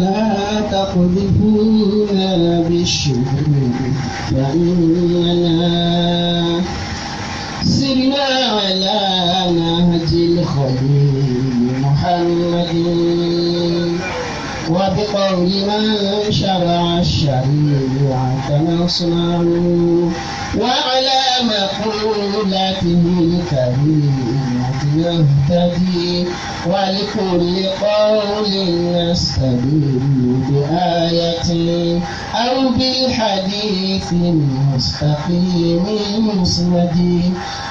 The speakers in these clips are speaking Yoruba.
لا تقذفونا بالشهور فإننا سرنا على نهج الخليل محمد وبقول من شرع الشريعة نصنع وعلى مقولته الكريمة يهتدي ولكل قول نستدل بآية أو بالحديث المستقيم المسند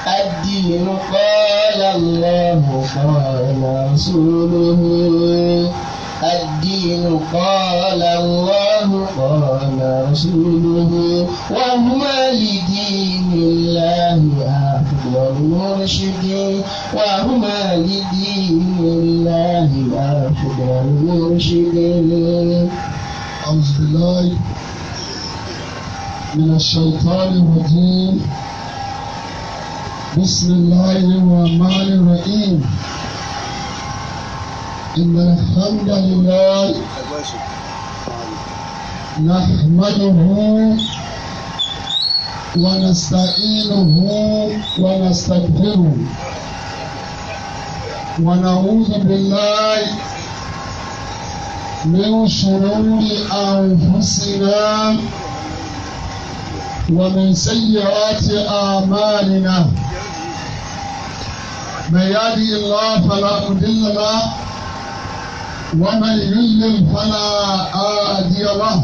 الدين قال الله قال رسوله الدين قال الله قال رسوله وهما لدين الله آه وهو رشد وهما لدين الله آخذ وهو رشد أعوذ بالله من الشيطان الرجيم بسم الله الرحمن الرحيم إن الحمد لله نحمده ونستعينه ونستغفره ونعوذ بالله من شرور أنفسنا ومن سيئات أعمالنا من يهدي الله فلا مضل له ومن يضلل فلا هادي له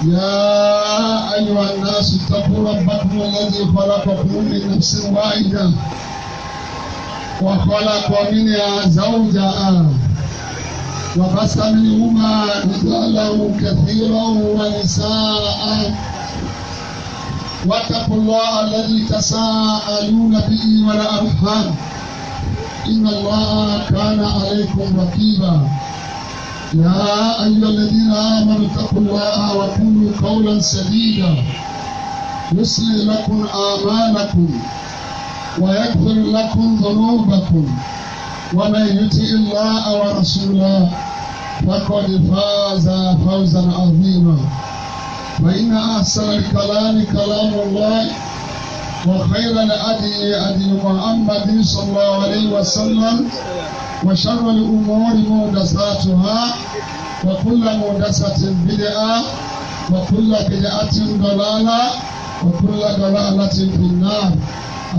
يا أيها الناس اتقوا ربكم الذي خلقكم من نفس واحدة وخلق منها زوجها وقسم منهما رجالا كثيرا ونساء واتقوا الله الذي تساءلون به والأرحام إن الله كان عليكم رقيبا يا أيها الذين آمنوا اتقوا الله وقولوا قولا سديدا يصلح لكم آمالكم ويغفر لكم ذنوبكم ومن يطع الله ورسوله فقد فاز فوزا عظيما فإن أحسن الكلام كلام الله وخير الأدي أدي محمد صلى الله عليه وسلم وشر الأمور مهدساتها وكل مهدسة بدعة وكل بدعة ضلالة وكل ضلالة في النار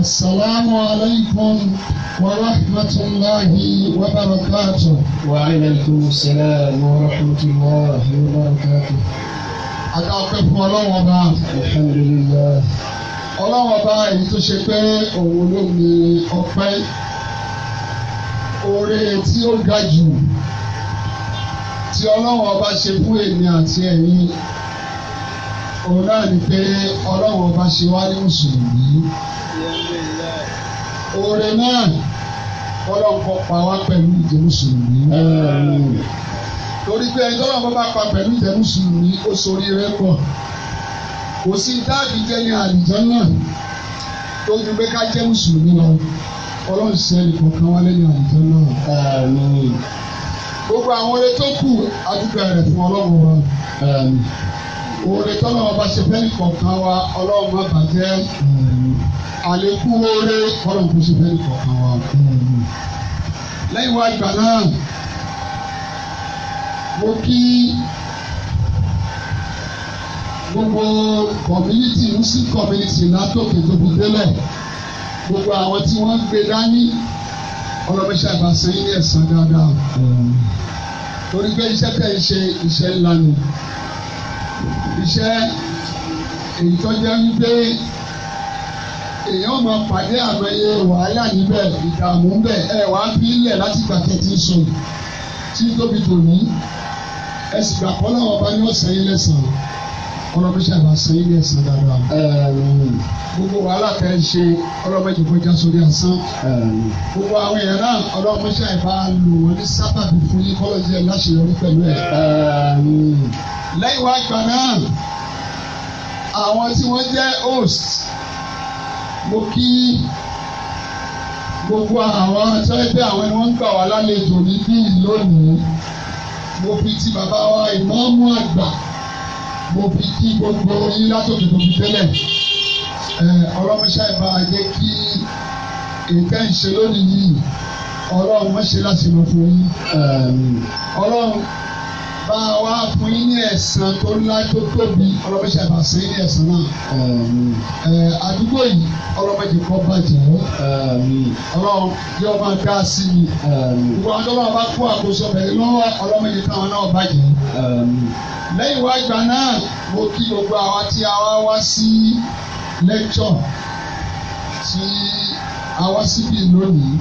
السلام عليكم ورحمة الله وبركاته وعليكم السلام ورحمة الله وبركاته أتعقف ولو الحمد لله ọlọ́wọ́n bá èyí tó ṣe pé òun ló ní ọpẹ́ oore tí ó ga jù tí ọlọ́wọ́n bá ṣe fún èmi àti ẹ̀yin òun náà ni pé ọlọ́wọ́n bá ṣe wá ní mùsùlùmí oore náà ọlọ́nkọ pa wá pẹ̀lú ìjẹ́ mùsùlùmí torí pé ẹni tọ́lọ́nkọ bá pa pẹ̀lú ìjẹ́ mùsùlùmí ó sorí rẹ̀ kò sí dáàbì jẹ́ ní àlùjọ náà tó ju pé ká jẹ́ mùsùlùmí lọ ọlọ́run ṣe ẹnìkọ̀ọ̀kan wá lẹ́yìn àlùjọ náà. gbogbo àwọn oore tó kù àdúgbò rẹ̀ fún ọlọ́run wa. oore tọ́lọ́ ọba ṣe fẹ́ nìkọ̀ọ̀kan wa ọlọ́run má bàjẹ́ àlékún oore ọlọ́run kò ṣe fẹ́ nìkọ̀ọ̀kan wa. lẹ́yìn wá ìgbà náà mo kí gbogbo community muslim community látòkè gbogbo délẹ̀ gbogbo àwọn tí wọ́n gbé dání ọlọ́mọṣẹ́ àbáṣe yín ní ẹ̀sán dáadáa torí pé iṣẹ́ tẹ̀ ń ṣe iṣẹ́ ńlá ni iṣẹ́ èyí tó jẹ́ wípé èèyàn máa pàdé àwọn ẹyẹ wàhálà níbẹ̀ ìdààmú ńbẹ̀ ẹ wà á fi ilẹ̀ láti gbà tètè sùn tí tóbi tòní ẹ sì gbà kọ́ láwọn ọba ní ọ̀sẹ̀ yín lẹ́sàn-án ọlọ́mọṣẹ́ àbá san yín ní ẹ̀sán dáadáa. gbogbo wàhálà tẹ ń ṣe ọlọ́mọṣẹ́ kó já sórí asán. gbogbo àwọn èèyàn náà ọlọ́mọṣẹ́ àbá lò wọ́n ní sábàbí fún yín kọ́lọ́jẹ́ láṣeyọrí pẹ̀lú ẹ̀. lẹ́yìn wá gbà náà àwọn tí wọ́n jẹ́ host mo kí gbogbo àwọn tẹ́lẹ̀tẹ́ àwọn ni wọ́n ń gbà wá lálejò níbí lónìí mo fi ti bàbá wa ìmọ̀ọ́mù àgbà mo fi kí gbogbo yín látòkè tó fi tẹ́lẹ̀ ọlọ́mọṣẹ́ ìbá jẹ́ kí ètò ìṣe lónìí ọlọ́run mọ̀ṣẹ́ láti lọ fún yín ọlọ́run bá a wá fún yín ní ẹ̀san tó ńlá tó tóbi ọlọ́mọdé àbá sí yín ní ẹ̀san náà. àdúgbò yìí ọlọ́mọdé kọ́ bàjẹ́ ọlọ́run yóò máa dá sí i. gbogbo àwọn tó bá bá kó àkóso bẹ̀rẹ̀ lọ́wọ́ ọlọ́mọdé káwọn náà bàjẹ́. lẹ́yìn wá ìgbà náà mo kí gbogbo àwa tí a wá wá sí lẹ́kṣọ̀ tí a wá síbí lónìí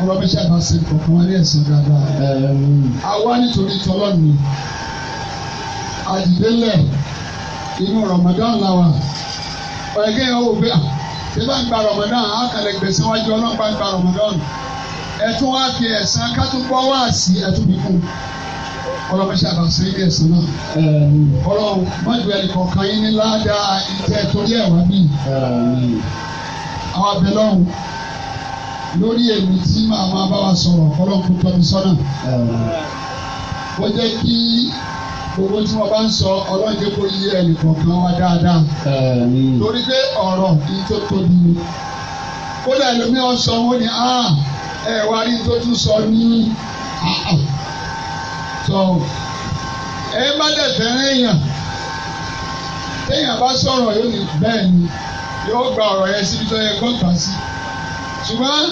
ọba bí sábà ṣe kọ̀ọ̀kan wá ní ẹ̀sán dáadáa. àwa nítorí tọ́lọ́ọ̀nì àdìdélẹ̀ inú Ramadan làwà ọ̀ẹ́gẹ́ yẹn wò pé ṣé bá ń gba Ramadan á kàlẹ̀ gbèsè wájú ọlọ́run bá ń gba Ramadan ẹ̀tún wá fi ẹ̀sán kátúgbọ́ wá sí ẹ̀tún bí kún ọlọ́mọ ṣe àbàṣe ilé ẹ̀sán náà ọlọ́run mọ́jú ẹnì kọ̀ọ̀kan yín ní ládàá ìtẹ́ torí ẹ̀wá bíi àwọn abẹ lórí èmi tí màá máa bá wa sọ̀rọ̀ ọlọ́run tó tọ́jú sọ́nà. ó jẹ́ kí gbogbo tí wọ́n bá ń sọ ọlọ́run jẹ́ kó yé ẹnìkọ̀ọ̀kan wa dáadáa. torí pé ọ̀rọ̀ kì í tó tóbi ni. kódà ẹlòmíràn sọ wọ́n a. ẹ wá rí tó tún sọ ní tọ́ ẹ má dẹ̀ fẹ́ràn èèyàn téèyàn bá sọ̀rọ̀ yóò ní bẹ́ẹ̀ ni yóò gba ọ̀rọ̀ yẹn síbi tó yẹ kó sí ṣùgbọ́n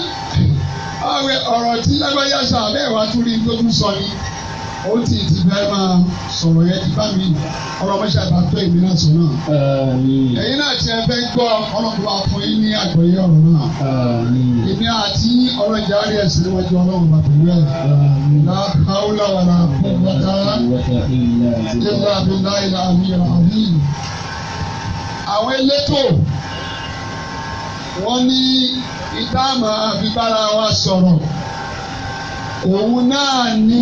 ọ̀rọ̀ tí lágbájá sọ abẹ́ wa tún rí tó tún sọ ni ó ti ti fẹ́ máa sọ̀rọ̀ yẹn ti bá mi ọ̀rọ̀ mọ́ṣẹ́ àbá tó èmi náà sọ náà. ẹ̀yin náà tiẹ̀ fẹ́ gbọ́ ọlọ́run wa fún yín ní àgbọ́yé ọ̀rọ̀ náà. èmi àti ọlọ́jà rí ẹ̀sìn níwájú ọlọ́run bá pẹ̀lú ẹ̀. láhàúlà wà lá fún wọ́tá àwọn elétò wọ́n ní ìta máa fi bára wa sọ̀rọ̀ òun náà ní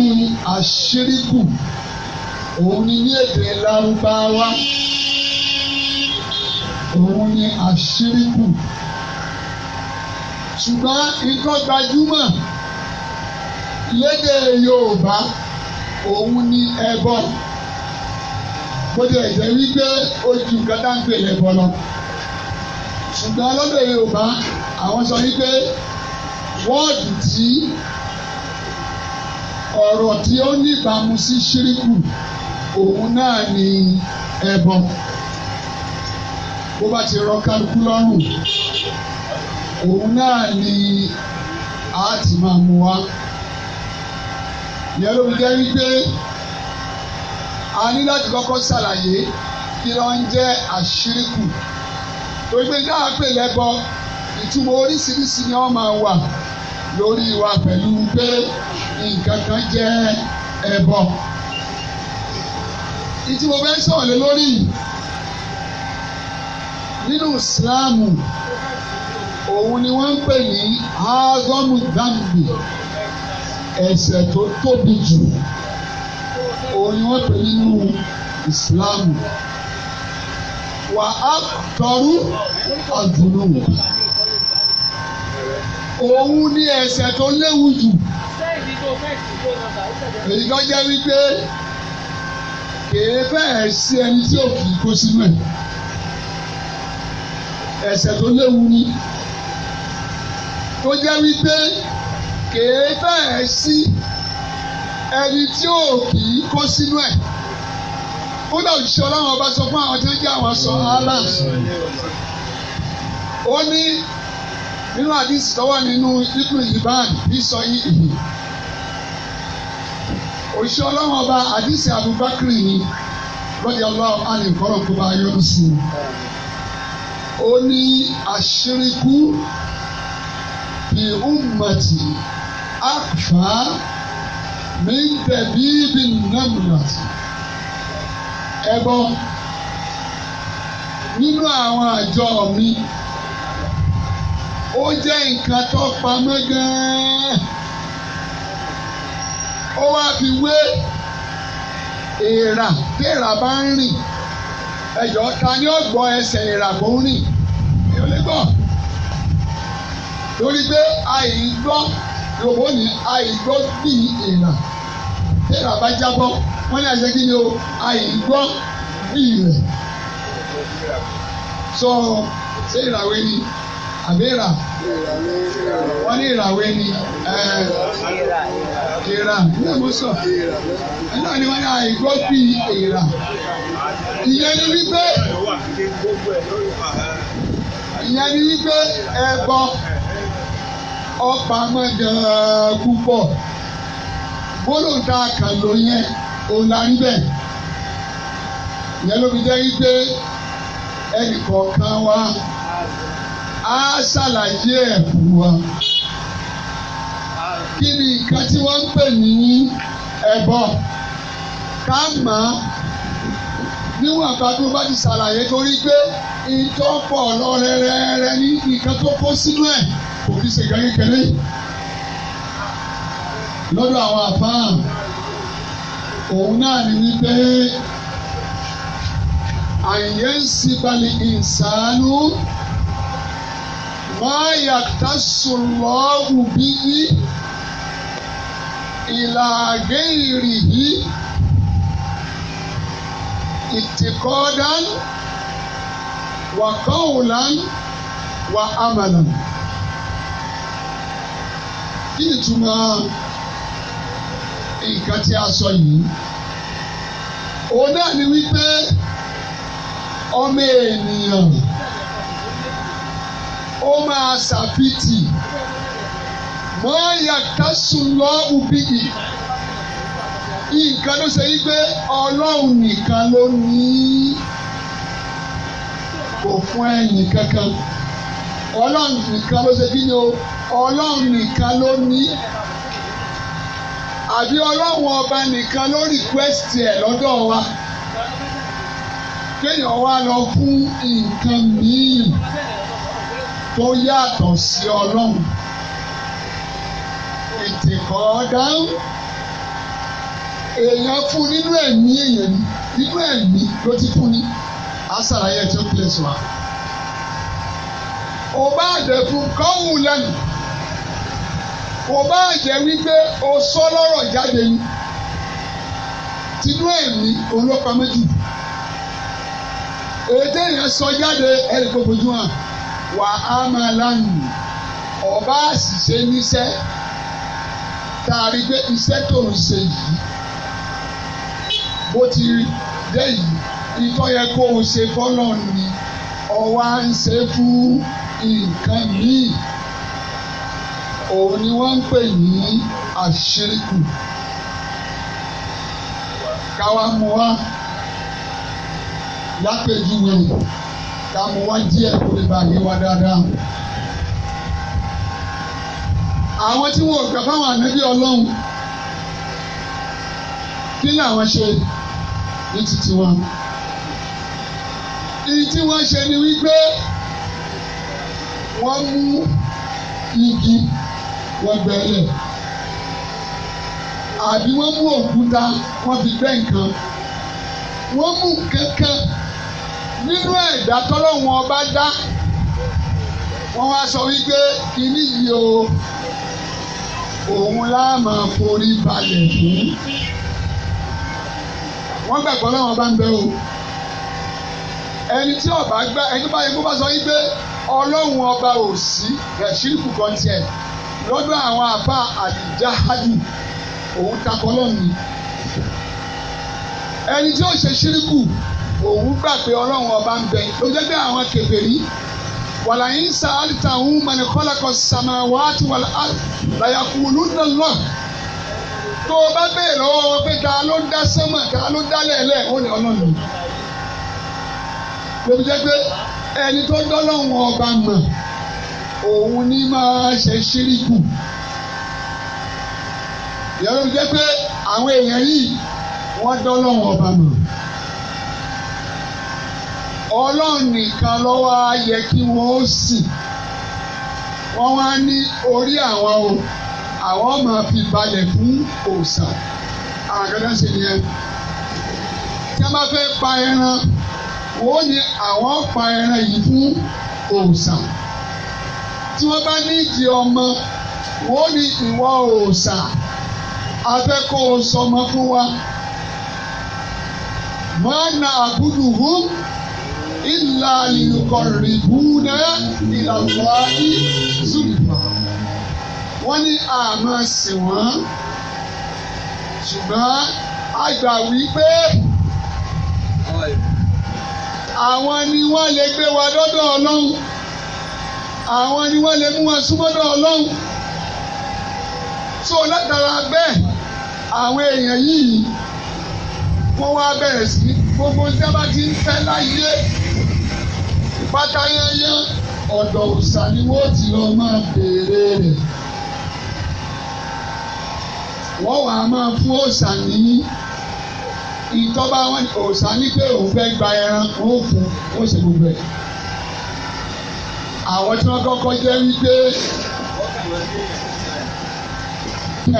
àṣírìkù òun ní ní èdè lárúbáwá òun ní àṣírìkù ṣùgbọ́n nǹkan gbajúmọ̀ lédè Yorùbá òun ní ẹbọ bó tilẹ̀ jẹ́ wípé ojú kátàǹpẹ̀ lẹ́bọ lọ ṣùgbọ́n lọ́dọ̀ Yorùbá àwọn sọ wípé wọ́ọ̀dù tí ọ̀rọ̀ tí ó níbàámu sí ṣíríkù òun náà ni ẹbọ bó bá ti rọ kálukú lọ́rùn òun náà ni a ti máa mú wa ìyẹn ló ń jẹ́ wípé a ní láti kọ́kọ́ ṣàlàyé kí ló ń jẹ́ àṣíríkù torí pé dáa pè lẹ́bọ ìtumọ̀ oríṣiríṣi ni wọ́n máa wà lórí wa pẹ̀lú pé nǹkan kan jẹ́ ẹbọ. ìtí mo fẹ́ sọ̀rọ̀ lé lórí nínú ìsìláàmù òun ni wọ́n ń pè ní azọ́mù dàmbì ẹ̀ṣẹ̀ tó tóbi jù òun ni wọ́n pè nínú ìsìláàmù wà á tọrú àdúró wò. Òun ni ẹ̀ṣẹ̀ tó léwu jù. Èyí tó jẹ́ wípé kèé bẹ́ẹ̀ sí ẹni tí ò kì í kó sínú ẹ̀. Ẹ̀ṣẹ̀ tó léwu ni. Tó jẹ́ wípé kèé bẹ́ẹ̀ sí ẹni tí ò kì í kó sínú ẹ̀ kódà òṣìṣẹ́ ọlọ́run ọba sọ fún àwọn tí wọ́n jẹ́ àwọn sọ ara ó ní nínú àdìsí tó wà nínú ibùdó ìbáàn ìsọ ìhì òṣìṣẹ́ ọlọ́run ọba àdìsí Abubakar ni lọ́dí ọlọ́run á ní nkọ́rọ̀ tó bá yọrù sí i ó ní àṣírikú bí ummati akfa mi dẹ̀bí bí nàmúlàtì ẹ gbọ́ nínú àwọn àjọ mi ó jẹ́ nǹkan tó pamọ́ gan-an ó wá fi wé èèrà téèrà bá ń rìn ẹjọ́ ta ni ó gbọ́ ẹsẹ̀ èèrà kó ń rìn èèyàn lè gbọ́ torí pé àìgbọ́ yòówó ni àìgbọ́ bíi èèrà tẹ́lẹ̀ bá jábọ́ wọ́n ní àṣẹ kí ni o àìgbọ́ ìrẹ̀ sọ ṣé ìràwé ni àbí ìrà wọ́n ní ìràwé ni ìrà ní mọ́sọ̀ náà ni wọ́n ní àìgbọ́ bí ìrà ìyẹn ni wípé ìyẹn ni wípé ẹbọ ọ̀pá mọ́jọ́ púpọ̀ gbólóhùn tá a kà ló yẹn òun là ń bẹ̀. ìyẹn ló fi jẹ́ wípé ẹnì kọ̀ọ̀kan wa á ṣàlàyé ẹ̀bùn wa. kí ni nǹkan tí wọ́n ń pè ní ẹbọ ká mà á níwọ̀n àgbà tó bá ti ṣàlàyé torí pé ìtọ́pọ̀ lọ rẹ́rẹ́rẹ́ ní nǹkan tó kó sínú ẹ̀ kò fi ṣègbè kékeré lọ́dọ̀ àwọn àfáà òun náà ni wípé àyè ń sibali ìsánú máa yàtọ̀ sùlọ́ọ̀bù bíi ìlàgé ìrìhì ìtìkọ́dán wà kọ́wùlán wà amalan. Kí ni ìtumọ̀? nǹkan tí a sọ yìí òun náà ni wípé ọmọ ènìyàn ó máa ṣàfitì mọ́ yàtọ̀sùn lọ́ọ̀bù bíi nǹkan ló ṣe wípé ọlọ́run nìkan ló ní kò fún ẹnì kankan ọlọ́run nìkan ló ṣe kí ni o ọlọ́run nìkan ló ní àbí ọlọ́run ọba nìkan ló rìkwẹ́sìtì ẹ̀ lọ́dọ̀ wa kéèyàn wá lọ fún nǹkan míì tó yàtọ̀ sí ọlọ́run ìtìkọ́ dáhùn èèyàn fún nínú ẹ̀mí èèyàn nínú ẹ̀mí ló ti fún ni àṣàlàyé ẹ̀ tó kílẹ̀ sọ wa. ọba àdẹ̀fún kọ́hùn lẹ́nu kò bá jẹ́ wípé o sọ lọ́rọ̀ jáde ni tinú ẹ̀mí olópamọ́ jù èdè yẹn sọ jáde ẹ̀rí gbogbo jù hàn wà á máa lánìí ọba àṣìṣe níṣẹ́ tá a rí pé iṣẹ́ tó ń ṣe yìí bó ti dé yìí ìtọ́ yẹ kó o ṣe fọ́lọ́ ni ọwá ń ṣe fún nǹkan míì òun ni wọ́n ń pè ní àṣírìkù káwa mú wa lápèjúwe ká mú wa díẹ̀ kó lè bàyè wa dáadáa. àwọn tí wọn ò gbà fáwọn ànábì ọlọ́run kí ni ṣe ní títí wọn. Ìyí tí wọ́n ṣe ni wípé wọ́n mú igi wọ́n gbẹ́lẹ̀ àbí wọ́n mú òkúta wọ́n fi gbẹ́ nǹkan wọ́n mú kankan nínú ẹ̀dá tọ́lọ́wọ́n ọba dá wọ́n wá sọ wípé kíní yìí o òun láà máa forí balẹ̀ fún wọ́n gbàgbọ́ láwọn bá ń bẹ o ẹni tí ọba gbá ẹni báyìí kó bá sọ wípé ọlọ́run ọba ò sí rẹ̀ ṣírìkù kan tiẹ̀ lọ́dọ̀ àwọn àbá àdìjáhádì òun takọ lọ́nu ẹni tí ó ṣe ṣíríkù òun gbà pé ọlọ́run ọba ń bẹ ló jẹ́ pé àwọn kèfèrí wàlàyé ń sa àdìtà òun mọ̀nì kọ́lákọ̀ sàmáwáàtì wàlà àlàyàkùn lùdọ̀ lọ tó o bá bèèrè lọ́wọ́ wọn pé ta ló dá sánmà ta ló dá lẹ́ẹ̀lẹ́ ó ní ọlọ́run ló jẹ́ pé ẹni tó dọ́lọ́run ọba mọ̀ òun ní máa ṣe ṣíríkù ìyẹn ló jẹ́ pé àwọn èèyàn yìí wọ́n dọ́lọ́run ọba mọ̀ ọlọ́run nìkan ló wá yẹ kí wọ́n ó sìn wọ́n wá ní orí àwọn o àwọn máa fi balẹ̀ fún òòṣà àwọn akẹ́kọ̀ọ́ sì tí wọ́n bá fẹ́ pa ẹran wọ́n ní àwọn pa ẹran yìí fún òòṣà tí wọ́n bá ní ìdí ọmọ wọ́n ní ìwọ òòṣà afẹ́kọ̀ sọmọ fún wa máa na àbúrò hù ìlà ìlùkọ̀rìbù náà ìlànà ayé zùlùmọ̀ wọ́n ní àmọ́ sìn wọ́n ṣùgbọ́n a wípé àwọn ni wọ́n lè gbé wa lọ́dọ̀ ọlọ́run àwọn ni wọ́n lè mú wọn súnmọ́dọ̀ ọlọ́run tó látara bẹ́ẹ̀ àwọn èèyàn yìí wọ́n wá bẹ̀rẹ̀ sí gbogbo tí wọ́n bá ti ń fẹ́ láyé pátáyányán ọ̀dọ̀ òòṣà ni wọ́n ti lọ máa béèrè rẹ̀ wọ́n wà á máa fún òòṣà nìyí ìtọ́ba òòṣà ní pé òun fẹ́ gba ẹran òun fún òun ṣe àwọn tí wọ́n kọ́kọ́ jẹ́ wípé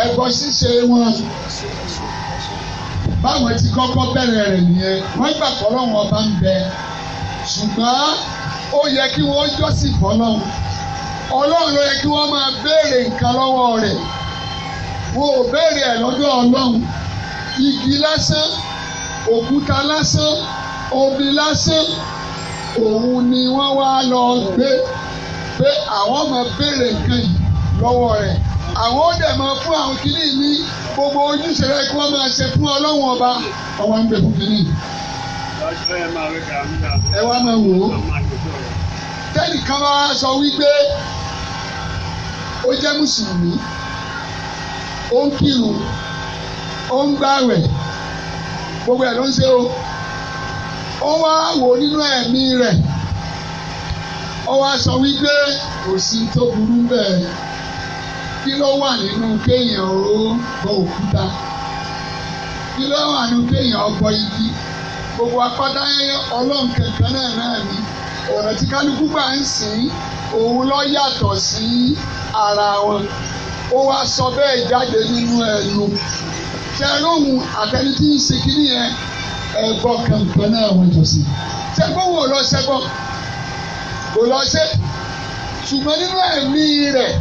ẹbọ ṣíṣe wọn báwọn ti kọ́kọ́ bẹ̀rẹ̀ rẹ̀ nìyẹn wọ́n gbà fọlọ́wọn ọba ń bẹ ṣùgbọ́n ó yẹ kí wọ́n jọ́sìn fọlọ́wọn ọlọ́run ló yẹ kí wọ́n máa béèrè nǹkan lọ́wọ́ rẹ̀ wọn ò béèrè ẹ̀ lọ́dọ̀ ọlọ́run igi lásán òkúta lásán omi lásán òun ni wọ́n wá lọ gbé pé àwọn máa béèrè nǹkan yìí lọ́wọ́ rẹ̀ àwọn ó dẹ̀ máa fún àwọn kìíní ní gbogbo ojúṣe rẹ̀ kí wọ́n máa ṣe fún ọlọ́run ọba ọwọ́ ń bẹ fún kìíní. ẹ wá máa wò ó tẹ́nìkan wá sọ wípé ó jẹ́ mùsùlùmí ó ń kírun ó ń gbàwẹ̀ gbogbo ẹ̀ ló ń ṣe o ó wá wò nínú ẹ̀mí rẹ̀ ó wá sọ wípé kò sí tó burú bẹ́ẹ̀ kí ló wà nínú kéèyàn ó bọ òkúta kí ló wà nínú kéèyàn ó igi gbogbo apáta ọlọ́run kankan náà náà ni ọ̀nà tí kálukú gbà ń sìn òun ló yàtọ̀ sí ara wọn ó wá sọ bẹ́ẹ̀ jáde nínú ẹnu tẹ lóhùn àtẹni ń ṣe kí nìyẹn ẹgbọ́ kankan náà wọ́n jọ sí. sẹ́gbọ́n wo lọ sẹ́gbọ́n kò lọ ṣe ṣùgbọ́n nínú ẹ̀mí rẹ̀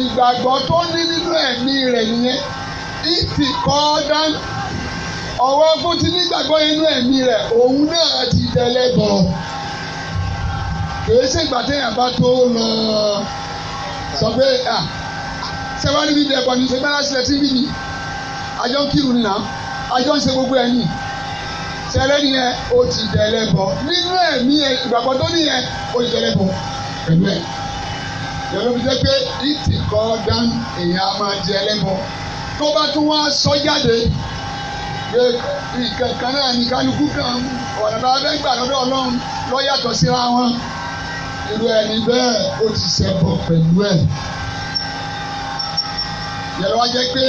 ìgbàgbọ́ tó ní nínú ẹ̀mí rẹ̀ nìyẹn ìtì kọ́ dán ọwọ́ fún ti nígbàgbọ́ inú ẹ̀mí rẹ̀ òun náà ti dẹlẹ́bọ̀ kìí ṣe ìgbà téèyàn bá tó lọ sọ pé à sẹ́wọ́n níbi ìdẹ̀bọ̀ ní ṣe bá láṣẹ tí bí ni àjọ ń kírun nìyà àjọ ń ṣe gbogbo ẹ̀ nìyí sẹ́lẹ̀ ni yẹn ó ti dẹ̀lẹ́ bọ̀ nínú ẹ̀mí yẹn ìgbàgbọ́ tó ní yẹn ó ti dẹ̀lẹ́ bọ̀ pẹ̀lú ẹ̀. Yẹ̀lú fi jẹ́ pé ìtì kọ́ dán èèyàn á máa di ẹlẹ́bọ. Tó bá tún wá sọ jáde pé nǹkan kan náà ní kálukú kan ọ̀nà bá fẹ́ gbà lọ́dọ̀ Ọlọ́run ló yàtọ̀ síra wọn. Irú ẹni bẹ́ẹ̀ ó ti ṣẹbọ pẹ̀lú ẹ̀. Yẹ̀lú wá jẹ́ pé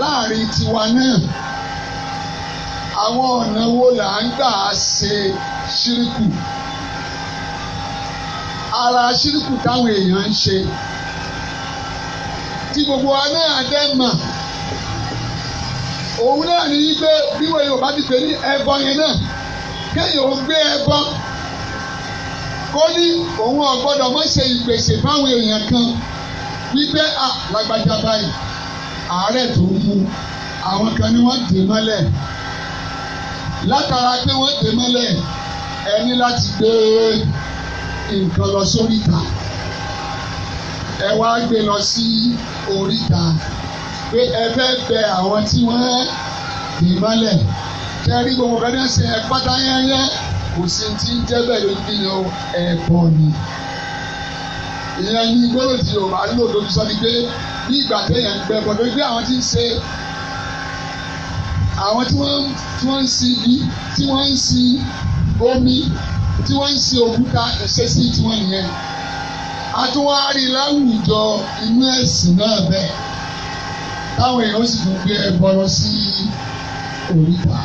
láàrin tiwa náà àwọn ọ̀nà wo là ń gbà ṣe ṣíríkù ara ṣíríkù táwọn èèyàn ń ṣe tí gbogbo wa náà dẹ́ mọ̀ òun náà ní pé bí wọ́n yóò ti pè ní ẹbọ yẹn náà kéèyàn ò gbé ẹbọ kó ní òun ò gbọ́dọ̀ ṣe ìpèsè fáwọn èèyàn kan wípé à lágbájá báyìí àárẹ̀ tó ń mú àwọn kan ni wọ́n dè mọ́lẹ̀ látara pé wọ́n dé mọ́lẹ̀ ẹ ní láti gbé nǹkan lọ sóríta ẹ wá gbé lọ sí oríta pé ẹ fẹ́ bẹ àwọn tí wọ́n dé mọ́lẹ̀ kẹrí gbogbo kan náà ṣe ẹ pátá yẹ́yẹ́ kò sí ti ń jẹ́ bẹ́ẹ̀ lójú ní ẹ̀bọ̀ ni ìyẹn ní gbọ́dọ̀ tí o máa lò lójú sọ́ni pé ní ìgbà téèyàn ń gbẹ bọ̀ lórí àwọn tí ń ṣe àwọn tí wọ́n tí wọ́n ń sin ibi tí wọ́n ń sin omi tí wọ́n ń sin òkúta ẹ̀ṣẹ̀ sí tí wọ́n yẹn a tún wá rí láwùjọ inú ẹ̀sìn náà bẹ́ẹ̀ táwọn èèyàn sì tún gbé ẹbọ lọ sí oríta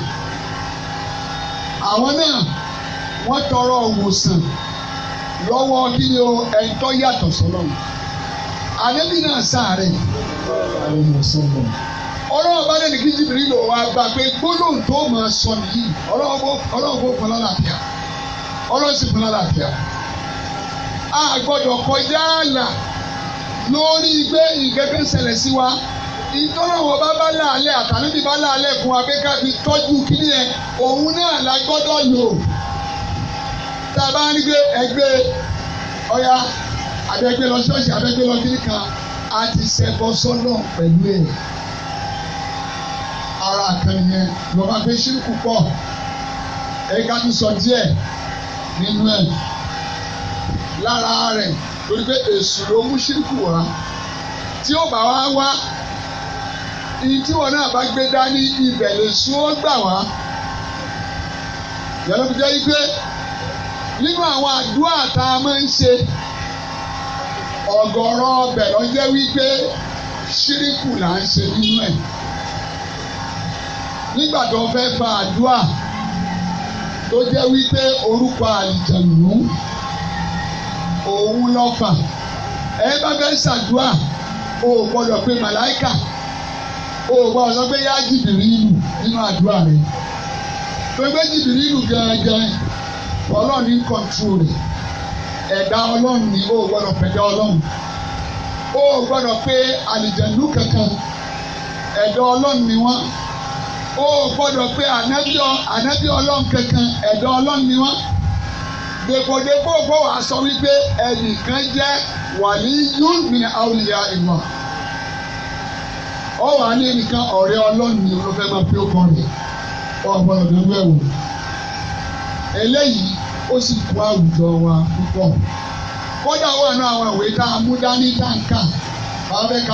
àwọn náà wọ́n tọrọ òwòsàn lọ́wọ́ kí ni o ẹni tó yàtọ̀ sọ́lọ́run àdébí náà sáà àwọn ọmọ sọ́lọ́run ọlọ́run bá lẹ́nu kí jìbìrì lò wá gbà pé gbólóhùn tó máa sọ nìyí ọlọ́run kò fún lálàáfíà ọlọ́run sì fún lálàáfíà. a gbọ́dọ̀ kọjá àlà lórí pé ìgẹ́gẹ́ ṣẹlẹ̀ sí wa ìtọ́lọ́wọ́ bá bá láàlẹ́ àtàlẹ́bí bá láàlẹ́ fún wa pé ká fi tọ́jú kíní yẹn òun náà la gbọ́dọ̀ lò tá a bá ń gbé ẹgbẹ́ ọ̀ya abẹ́gbẹ́ lọ ṣọ́ọ̀ṣì abẹ́gbẹ́ lọ kíní kan a ti ṣẹbọ sọ́nà pẹ̀lú ẹ̀ ara kan yẹn ló máa gbé ṣírùkù pọ̀ èyí ká tún sọ díẹ̀ nínú ẹ̀ lára rẹ̀ torí pé èṣù ló mú ṣírùkù wá tí ó bá wá wá iye tí wọn náà bá gbé dání ibẹ̀ lè sún ó gbà wá yàrá fi jẹ́ wípé nínú àwọn àdúrà tá a máa ń ṣe ọ̀gọ̀rọ̀ ọbẹ̀ ló jẹ́ wípé ṣíríkù là ń ṣe nínú ẹ̀ nígbà tó fẹ́ gba àdúrà tó jẹ́ wípé orúkọ àlìjànú òun lọ fà ẹ bá fẹ́ ṣàdúrà o ò gbọ́dọ̀ pé màláìkà o ò gbọ́dọ̀ sọ pé yá jìbìrì ìlú nínú àdúrà rẹ pépé jìbìrì ìlú gẹ́gẹ́ ọlọ́run ní kọ́ńtù rẹ̀ ẹ̀dá ọlọ́run ni o ò gbọ́dọ̀ pẹ̀dá ọlọ́run o ò gbọ́dọ̀ pé àlìjànú kankan ẹ̀dá ọlọ́run ni wọ́n. o gbọ́dọ̀ pé ànábì ọlọ́run kankan ẹ̀dọ́ ọlọ́run ni wọ́n dèpòdèpò kó wàá sọ wípé ẹnìkan jẹ́ wàlíyún ní àwùjá ọ wà ní ẹnìkan ọ̀rẹ́ ọlọ́run ni ló fẹ́ máa fi ó ọ gbọ́dọ̀ lọ́wọ́ eléyìí ó sì kó àwùjọ wa púpọ̀ kódà wà ní àwọn ìwé tá a mú dání dáǹkà bàbá ẹ̀ka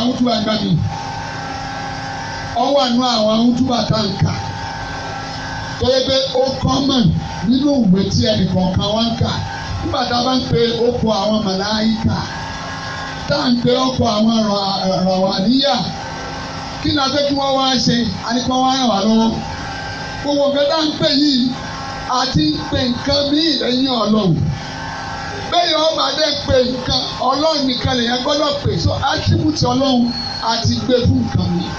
ọ wà nù àwọn ahùntúbà táǹkà tó yẹ pé ó kọ́mọ̀ nínú ìwé tí ẹnìkọ̀ọ̀kan wá ń kà nígbà tá a bá ń pe oko àwọn màláyíkà tá à ń pe oko àwọn ràwàníyà kí ni a fẹ́ kí wọ́n wá ṣe àníkọ́ wá ràn wá lọ́wọ́ gbogbo nǹkan tá à ń pè yìí àti ń pe nǹkan míì lẹ́yìn ọlọ́run bẹ́ẹ̀ ọba dẹ́ pe nǹkan ọlọ́run nìkan lèyàn gbọ́dọ̀ pè so attribute ọlọ́run àti gbé fún nǹkan míì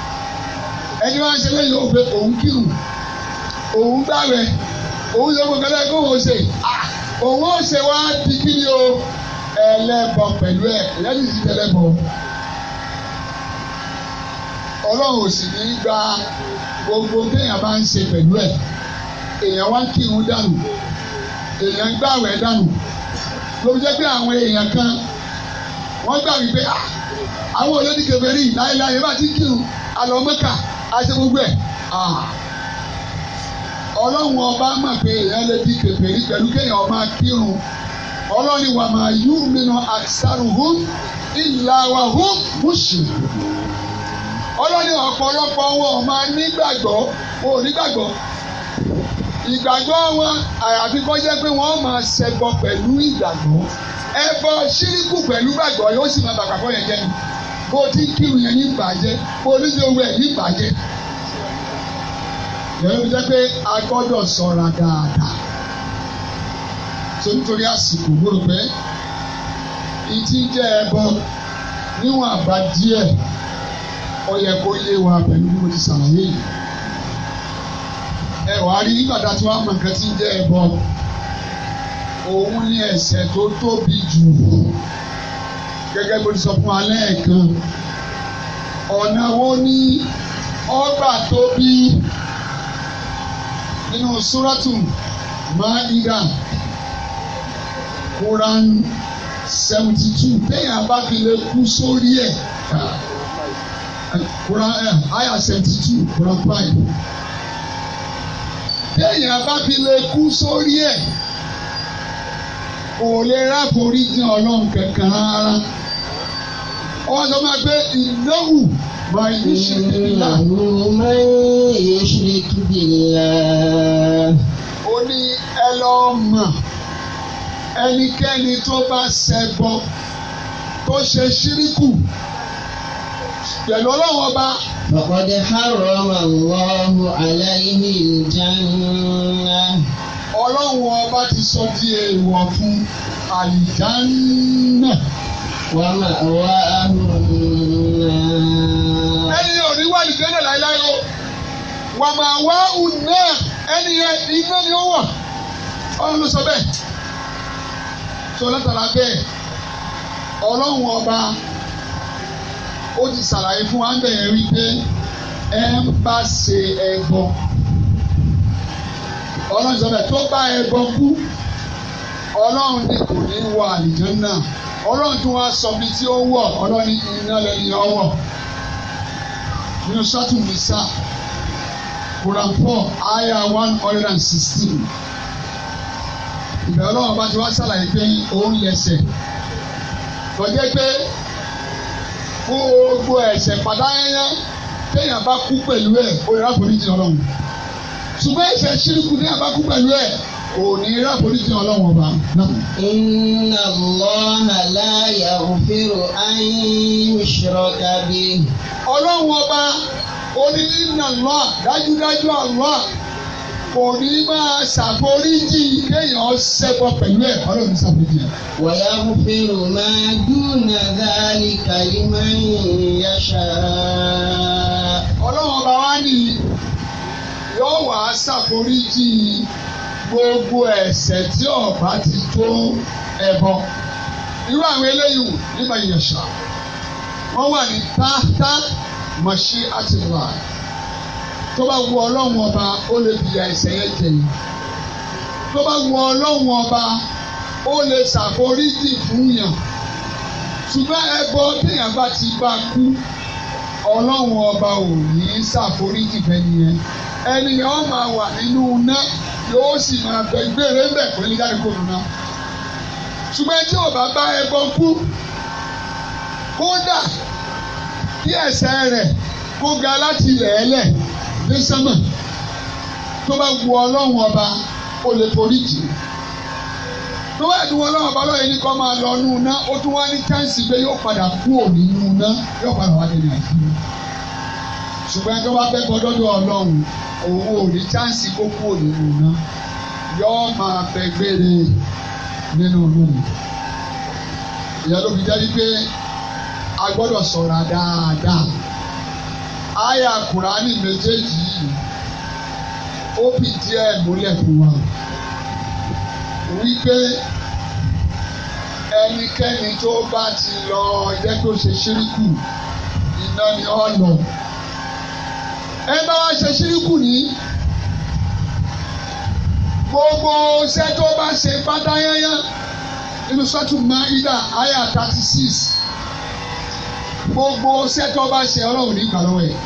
ẹni wá ṣe lẹ́yìn òun pé òun kírun òun gbàwẹ̀ òun ṣe gbogbo ẹlẹ́yìn kó wọ́n ṣe òun ó ṣe wá di kí ni o ẹlẹ́bọ pẹ̀lú ẹ̀ lẹ́yìn ti tẹ́lẹ̀bọ. ọlọ́run ò sì ní gba gbogbo téèyàn bá ń ṣe pẹ̀lú ẹ̀ èèyàn wá kírun dànù èèyàn gbàwẹ̀ dànù ló jẹ́ pé àwọn èèyàn kan wọ́n gbà wípé ah. àwọn olódì kèfèrí láéláé bá ti kírun alọ́mọ́kà àti gbogbo ẹ̀ ọlọ́run ọba mọ̀ pé èèyàn lè di kèfèrí pẹ̀lú kéèyàn máa kírun ọlọ́run wà máa yú mìíràn àṣàrùhún ìlàwàhún mùsùlùmí ọlọ́run ọ̀pọ̀lọpọ̀ wọn máa nígbàgbọ́ ìgbàgbọ́ wọn àyàfi kọ́ jẹ́ pé wọ́n máa ṣẹbọ pẹ̀lú ìgbàgbọ́ ẹbọ ṣíríkù pẹ̀lú gbàgbọ́ yóò sì máa bàgbàgbọ́ yẹn jẹ́ ni bó ti kírun yẹn ní ìbàjẹ́ bó ti ṣe owó ẹ̀ ní ìbàjẹ́ yẹn ló jẹ́ pé a gbọ́dọ̀ ṣọ́ra dáadáa tó nítorí àsìkò mo pé ìtí jẹ́ ẹbọ níwọ̀n àbá díẹ̀ ó yẹ kó yé wa pẹ̀lú bí mo ti ṣàlàyé yìí ẹ wà á rí nígbàdá tí wọ́n mọ̀ nǹkan tí ń jẹ́ ẹbọ òun ni ẹ̀ṣẹ̀ tó tóbi jù gẹ́gẹ́ bó ti sọ fún alẹ́ kan ọ̀nà wo ni ọgbà tóbi nínú súrọ́tù Maida Quran seventy two téèyàn bá fi lè kú sórí ẹ̀ Quran ayah seventy two Quran five téèyàn bá fi lè kú sórí ẹ̀ kò lè ráforíjì ọlọ́run kankan rárá ọwọ́ sọ ma pé ìnáwó máa yí ṣèkì nílá. máa yí ṣèkì nílá. ó ní ẹ lọ́ọ́ mọ̀ ẹnikẹ́ni tó bá ṣẹbọ tó ṣe ṣíríkù pẹ̀lú ọlọ́run ọba. Faqad harrama Allahu alayhi al-janna. Ọlọ́run ọba ti sọ di èèwọ̀ fún àlìjánná. Wa ma'wahu an-nar. Ẹni òní wà ní Gánà láíláí o. Wa ma'wahu an-nar ẹni yẹn ni ó wà. Ọlọ́run ló sọ bẹ́ẹ̀. Sọ bẹ́ẹ̀. Ọlọ́run ó ti ṣàlàyé fún wa ń bẹ̀rẹ̀ wípé ẹ ń bá ṣe ẹbọ ọlọ́run sọ̀rọ̀ tó bá ẹbọ kú ọlọ́run ní kò ní wọ àlìjànnà ọlọ́run tó wá sọ bí tí ó wọ̀ ọlọ́run iná lẹ́yìn ọwọ́ nínú sọ́tù nìsa Quran four ayah one hundred and sixteen ìbẹ̀rẹ̀ ọlọ́run bá ti wá ṣàlàyé pé òun lẹ̀sẹ̀ tọ́jú pé fún gbogbo ẹ̀ṣẹ̀ pàdáyẹyẹ téèyàn bá kú pẹ̀lú ẹ̀ òní ráforíjì ọlọ́run ṣùgbọ́n ẹ̀ṣẹ̀ ṣírùkù téèyàn bá kú pẹ̀lú ẹ̀ òní ráforíjì ọlọ́run ọba náà. inna Allaha la yaghfiru an yushraka bihi. ọlọ́run ọba onílẹ̀ náà lọ́ọ̀ dájúdájú Allah kò ní máa ṣàforíjì kéèyàn ṣẹbọ pẹ̀lú ẹ̀ ọlọ́run ṣàforíjì. wàyà mo fi rò máa dúnà dáálì kàlí máa ń yà ṣàrà. ọlọ́run ọba wa ni yóò wá ṣàforíjì gbogbo ẹ̀ṣẹ̀ tí ọba ti tó ẹbọ irú àwọn eléyìí nígbà yẹn ṣá wọn wà ní táátá mọṣí àtìláì tó bá wu ọlọ́run ọba ó lè fìyà ẹ̀ṣẹ̀ yẹn jẹ tó bá wu ọlọ́run ọba ó lè ṣàforíjì fún yàn ṣùgbọ́n ẹbọ téèyàn bá ti bá kú ọlọ́run ọba ò ní ṣàforíjì fẹ́ni yẹn ẹni ó máa wà nínú iná yóò sì máa bẹ gbére ń bẹ̀ pẹ̀lú jáde náà ṣùgbọ́n tí ò bá bá kú kódà kí ẹ̀ṣẹ̀ rẹ̀ kó ga láti lẹ̀ẹ́lẹ̀ ní sánmà tó bá wu ọlọ́run ọba ó lè forí jì í tó bá dùn ọlọ́run ọba lọ́yẹ̀ ní kọ́ máa lọ nù ná ó tún wá ní chance pé yóò padà kú òní nù ná yóò padà wá dé ní àìsí ṣùgbọ́n ẹni tó bá fẹ́ gbọ́dọ̀ dọ̀ ọlọ́run òun ò ní chance kó kú òní nù ná yóò máa fẹ́ gbére nínú lónìí ìyá ló fi jáde pé a gbọ́dọ̀ ṣọ́ra dáadáa àyà kùránì méjèèjì yìí ó fi díẹ̀ múlẹ̀ fún wa wípé ẹnikẹ́ni tó bá ti lọ jẹ́ kó ṣe ṣíríkù iná ni ó lọ. ẹ bá wá ṣe ṣíríkù ní gbogbo iṣẹ́ tó bá ṣe pátáyáyá nínú sọ́tún Maida aya thirty six gbogbo sẹ́tọ́ bá ṣe ọlọ́run ní ìgbà lọ́wọ́ yẹn.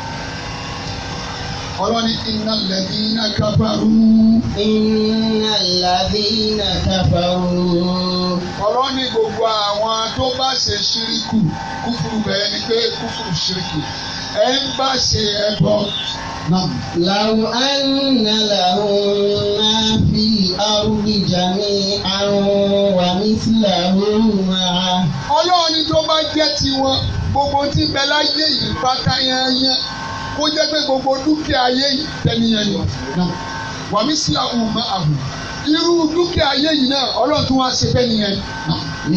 Ọlọ́ni iná lẹ́bí iná kábàrú. Iná lẹ́bí iná kábàrú. Ọlọ́ni gbogbo àwọn tó bá ṣe ṣíríkù kúfùrù bẹ́ẹ̀ ni pé kúfùrù ṣíríkù. Ẹ ń bá ṣe ẹbọ náà. Làwọn àná làwọn máa fi arúgbó jàmí àrùn wà ní sílẹ̀ àrùn máa. Ọlọ́ni tó bá jẹ́ tiwọn gbogbo tí ń bẹ láyé yìí pátá yányán kó jẹ́ pé gbogbo dúkìá ayé yìí tẹ́niyàn ni wàmí sí àwọn ọmọ àbò irú dúkìá ayé yìí náà ọlọ́run tún wá ṣe fẹ́ nìyẹn.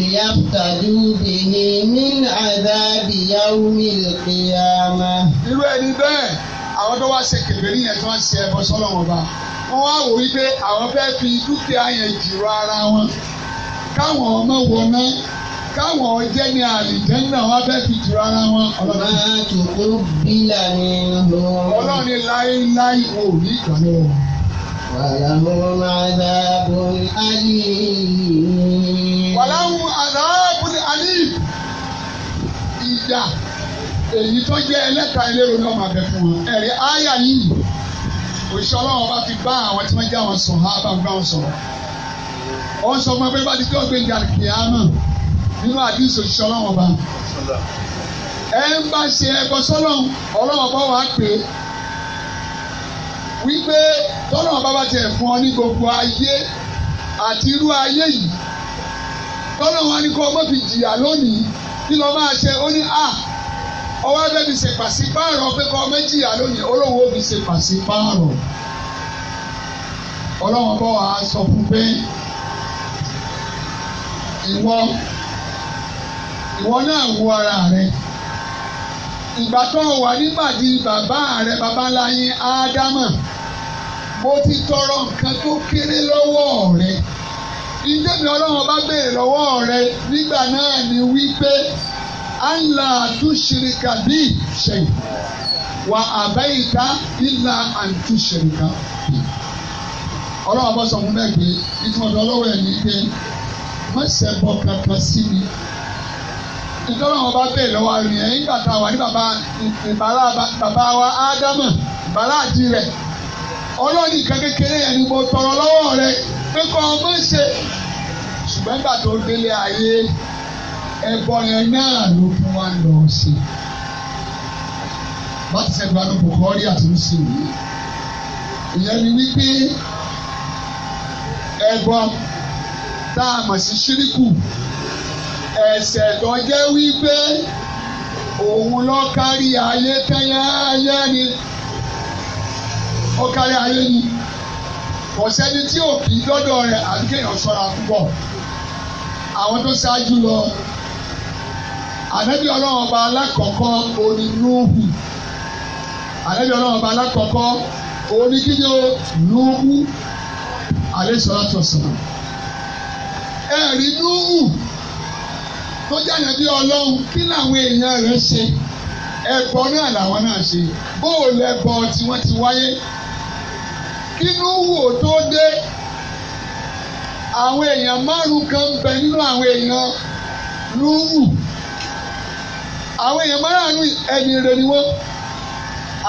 Ìyàtàdú bìíní min àdábì yawmi al-qiyama. Irú ẹni bẹ́ẹ̀ àwọn tó wá ṣe kèfèrí yẹn tó wá ṣe ẹbọ sọ́lọ̀ wọn bá. Wọ́n wá wò wípé àwọn fẹ́ fi dúkìá yẹn jìrọ̀ ara wọn. Káwọn ọmọ wọná káwọn jẹ́ ní àlìjẹ́ náà wọ́n fẹ́ fi jù ara wọn. ọlọ́run máa tó kó bílà ní ọ̀hún. ọlọ́run láéláé wò ní ìgbàlẹ̀ wọn. wàláhùn àdàbùn àlì. wàláhùn àdàbùn àlì. ìjà èyí tó jẹ́ ẹlẹ́ta ìlérò náà máa bẹ̀ fún wọn. ẹ̀rí áyà yìí òṣìṣẹ́ ọlọ́run bá fi bá àwọn tí wọ́n jẹ́ àwọn sọ̀rọ̀ àbá gbá wọn sọ̀rọ̀. wọ́n sọ fún ẹgbẹ́ bá ti tó gbé ìjà kìí nínú àdìsí òṣìṣẹ́ ọlọ́run ọba ẹ ń bá ṣe ẹbọ sọ́lọ́run ọlọ́run ọba wàá pè é wípé tọ́lọ́run bá bá tiẹ̀ fún ọ ní gbogbo ayé àti irú ayé yìí tọ́lọ́run wa ní kó o mọ̀ fi jìyà lónìí kí ló máa ṣe ó ní à ah, ọwọ́ ẹgbẹ́ mi ṣe pàṣípààrọ̀ pé kọ́ ọmọ jìyà lónìí olówó mi ṣe pàṣípààrọ̀ ọlọ́run bọ́ wàá sọ fún pé ìwọ ìwọ náà wo ara rẹ ìgbà tó wà nígbàdí bàbá rẹ bàbá ńlá yín ádámà mo ti tọrọ nǹkan tó kéré lọ́wọ́ rẹ ìdẹ́mi ọlọ́run bá béèrè lọ́wọ́ rẹ nígbà náà ni wípé ànlá àtúnṣerìkà bí ṣẹ̀yìn wà àbẹ́yìká ìlà àtúnṣerìkà ọlọ́run bá sọ fún mẹ́gbẹ́ ìtumọ̀tò ọlọ́wọ́ ẹ̀ ní pé mọ̀ṣẹ́ bọ́ kankan sí mi ìtọ́lọ́ wọn bá bẹ̀rẹ̀ lọ́wọ́ àrùn yẹn nígbà tá a wà ní bàbá bàbá wa ádámù bàbá àti rẹ̀ ọlọ́ọ̀ni kan kékeré yẹn ni mo tọrọ lọ́wọ́ rẹ̀ pé kọ́ ọ mọ̀ ṣe ṣùgbọ́n nígbà tó délé ayé ẹbọ yẹn náà ló fún wa lọ ṣe bá ti sẹ́gun àti bùkọ́rí àti ṣe yìí ìyẹn ni wípé ẹbọ tá a mọ̀ sí ṣíríkù ẹ̀ṣẹ̀ tó jẹ́ wípé òun lọ kárí ayé tẹ́yẹ́yẹ́ ni ó kárí ayé ni kò sẹ́ni tí ò kì í dọ́dọ̀ rẹ̀ àti kéèyàn sọ́ra púpọ̀ àwọn tó ṣáájú lọ ànábì ọlọ́run ọba alákọ̀ọ́kọ́ oní núhù ọlọ́run ọba alákọ̀ọ́kọ́ oní kíni o núhù alẹ́ sọ́ra tọ̀sán ẹ̀rí núhù tó jáde bí ọlọ́run kí làwọn èèyàn rẹ̀ ṣe ẹbọ náà làwọn náà ṣe bóòlù ẹbọ tí wọ́n ti wáyé kínú wò tó dé àwọn èèyàn márùn kan bẹ nínú àwọn èèyàn lúwù àwọn èèyàn márùn ẹni rẹ ni wọ́n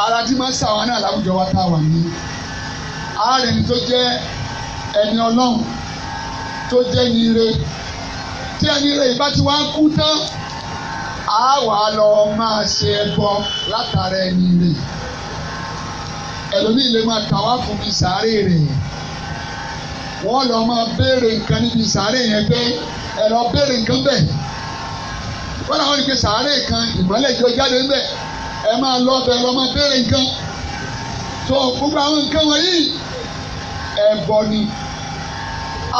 ara tí máa ń sàwọn náà láwùjọ wa tá a wà ní ààrẹ ni tó jẹ́ ẹni ọlọ́run tó jẹ́ ni ire tí ẹni rẹ̀ ìbá ti wá kú tán á wà á lọ máa ṣe ẹbọ látara ẹni rẹ̀ ẹlòmíì lè máa tàwa fún mi sàárè rẹ̀ wọ́n lọ máa béèrè nǹkan níbi sàárè yẹn pé ẹ lọ béèrè nǹkan bẹ́ẹ̀ wọ́n làwọn ní pé kan ìmọ̀lẹ̀ jọ jáde ńbẹ̀ ẹ máa lọ ọbẹ̀ lọ máa béèrè nǹkan tó gbogbo àwọn nǹkan wọ̀nyí ẹbọ ni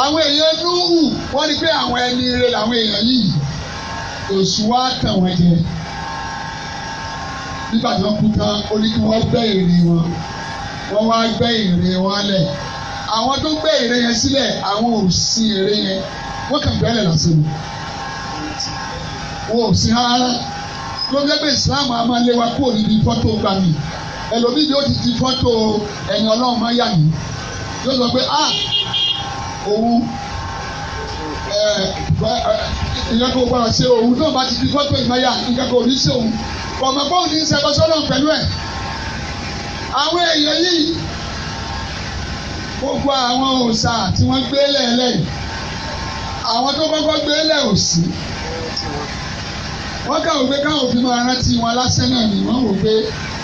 àwọn èèyàn núhù wọ́n ní pé àwọn ẹni ire làwọn èèyàn yìí èṣù wa tàn wọ́n jẹ nígbà tí wọ́n kú tán ó ní kí wọ́n gbẹ́ ère wọn wọ́n wá gbẹ́ ère wọn lẹ̀ àwọn tó gbẹ́ ère yẹn sílẹ̀ àwọn ò sin ère yẹn wọ́n kàn gbẹ́lẹ̀ lásán ni wọn ò sin rárá ló jẹ́ pé Islam a máa lé wa kúrò níbi fọ́tò gbà mí ẹlòmíì yóò ti di fọ́tò ẹ̀yìn Ọlọ́run máa yà mí yóò sọ pé ah òwú ìyẹn kò gbọ́dọ̀ ṣe òwú náà bá ti di fọ́tò ìmáyà nǹkan kò ní ṣe òun kọ̀mọ̀gbọ́n ní sẹ́kọ̀ sọ́nà pẹ̀lú ẹ̀ àwọn èèyàn yìí gbogbo àwọn òòṣà tí wọ́n gbé lẹ́ẹ̀lẹ́ àwọn tó kọ́kọ́ gbé lẹ̀ òsì wọ́n kà wò pé káwọn òfin máa rántí wọn lásán náà ni wọ́n wò pé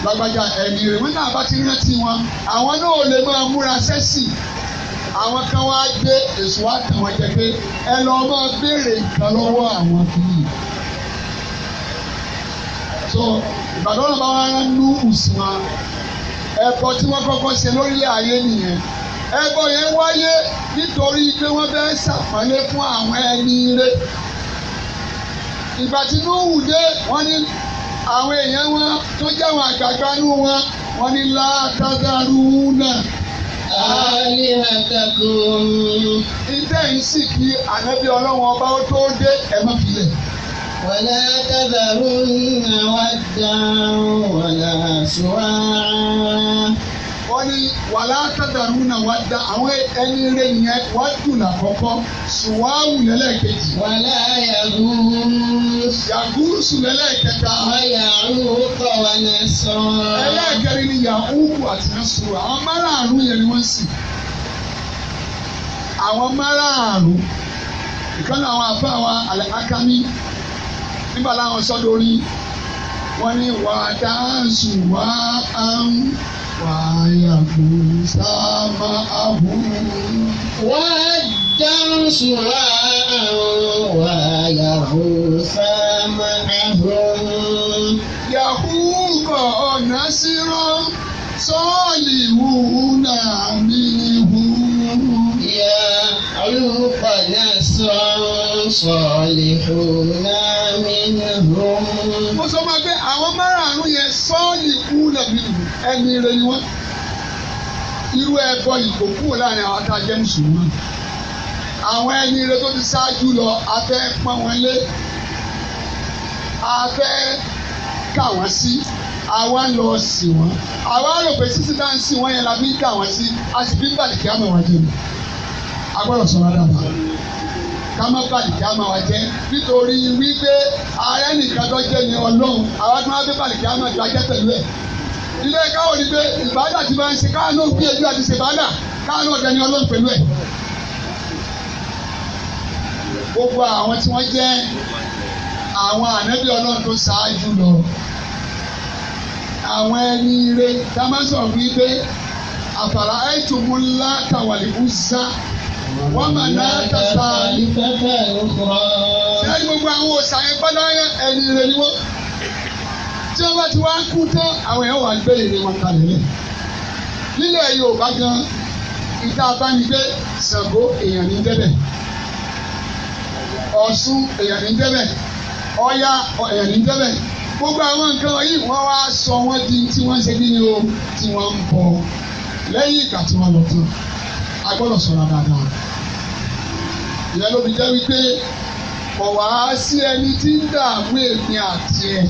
lágbájá ẹ̀mí rẹ̀ wọ́n náà bá ti rántí wọn àwọn náà ò lè máa múra sẹ́sì àwọn kan wá gbé èso wá tẹ̀ wọ́n jẹ pé ẹ lọ máa béèrè nǹkan lọ́wọ́ àwọn bíi. so ìbàdàn náà bá wá rán nú ùsùnmá ẹ̀kọ́ tí wọ́n kọ́kọ́ ṣe lórílẹ̀ ayé nìyẹn ẹbọ yẹn wáyé nítorí pé wọ́n fẹ́ ṣàpọ́nlé fún àwọn ẹni rẹ̀ ìgbà tí Nuhu dé wọ́n ní àwọn èèyàn wọn tó jẹ́ àwọn àgbàgbà nù wọn wọ́n ní látàdàrú náà alihatakum. Ìtẹ́ yìí sì kí ànábì ọlọ́wọ́n ọba ó tó dé ẹ̀mọ́ filẹ̀. Wàlá tadharunna waddan wàlá suwaa wọ́n ní wàlá tàdàrú náà wá da àwọn ẹni rẹ̀ yẹn wá dùn lákọ̀ọ́kọ́ ṣùwáwù lẹ́lẹ́kejì. wàlá yàgùrùs. yàgùrùs lẹ́lẹ́kẹta. ọ̀yàrúkọ wà ní sàn. ẹlẹ́kẹrin ni yàhùkù àti nẹ́sùn àwọn márààrún yẹn ni wọ́n sì. àwọn márààrún àwọn àbá nígbà láwọn sọ́dọ̀ orí wọ́n ní wàá dáhùn àrùn. ويكون سمعه والدرس راء ويغوث معهم يحوق نسرا صالحون منهم يحوق نسرا صالحون منهم. mo sọ ma pé àwọn márààrún yẹn sọ́ọ̀lì kú lẹ́bi ẹni rẹ ni wọ́n irú ẹbọ yìí kò kúrò láàrin àwọn tá a jẹ́ mùsùlùmí àwọn ẹni rẹ tó ti ṣáájú lọ a fẹ́ pọ́n wọn lé a kà wọ́n sí àwa ń lọ sí wọn àwa rò pé títí náà ń sìn wọn yẹn la fi ń kà wọ́n sí a sì fi ń bàlì kí á mọ̀ wá jẹ́ mi a gbọ́dọ̀ sọ̀rọ̀ dáadáa ká má bàlì kí á mọ̀ wá jẹ́ nítorí wípé ààrẹ nìkan tó jẹ́ ni ọlọ́run àwa tó má fi bàlì kí á mọ̀ jẹ́ pẹ̀lú ẹ̀ ilé ẹ̀ka ò ní pé ìbádà ti máa ń ṣe káàánú gbìyànjú àti ṣèbádà káàánú ọ̀dẹ ni ọlọ́run pẹ̀lú ẹ̀. gbogbo àwọn tí wọ́n jẹ́ àwọn ànábì ọlọ́run tó ṣáájú lọ àwọn ẹni ire dámásọ̀ wípé àfàrà ẹ̀tùmúlá tàwàlìbùsà wọ́n máa ná tàbí. sẹ́yìn gbogbo àwọn òṣàyẹn gbọ́dọ̀ ẹni ire ni wọ́n tí wọ́n bá ti wá kú tán àwọn èèyàn wà gbé ìrìn wọn kalẹ̀ lẹ̀. nílẹ̀ Yorùbá gan ìta abánigbé Ṣàngó èèyàn ní débẹ̀ Ọ̀ṣun èèyàn ní débẹ̀ Ọya èèyàn ní débẹ̀ gbogbo àwọn nǹkan yìí wọ́n wá sọ wọ́n di tí wọ́n ṣe kí ni o tí wọ́n ń bọ̀ lẹ́yìn ìgbà tí wọ́n lọ tán a gbọ́dọ̀ sọ̀rọ̀ dáadáa ìyẹn ló fi jẹ́ wípé kọ̀ wá sí ẹni tí ń dààmú èmi àti ẹ̀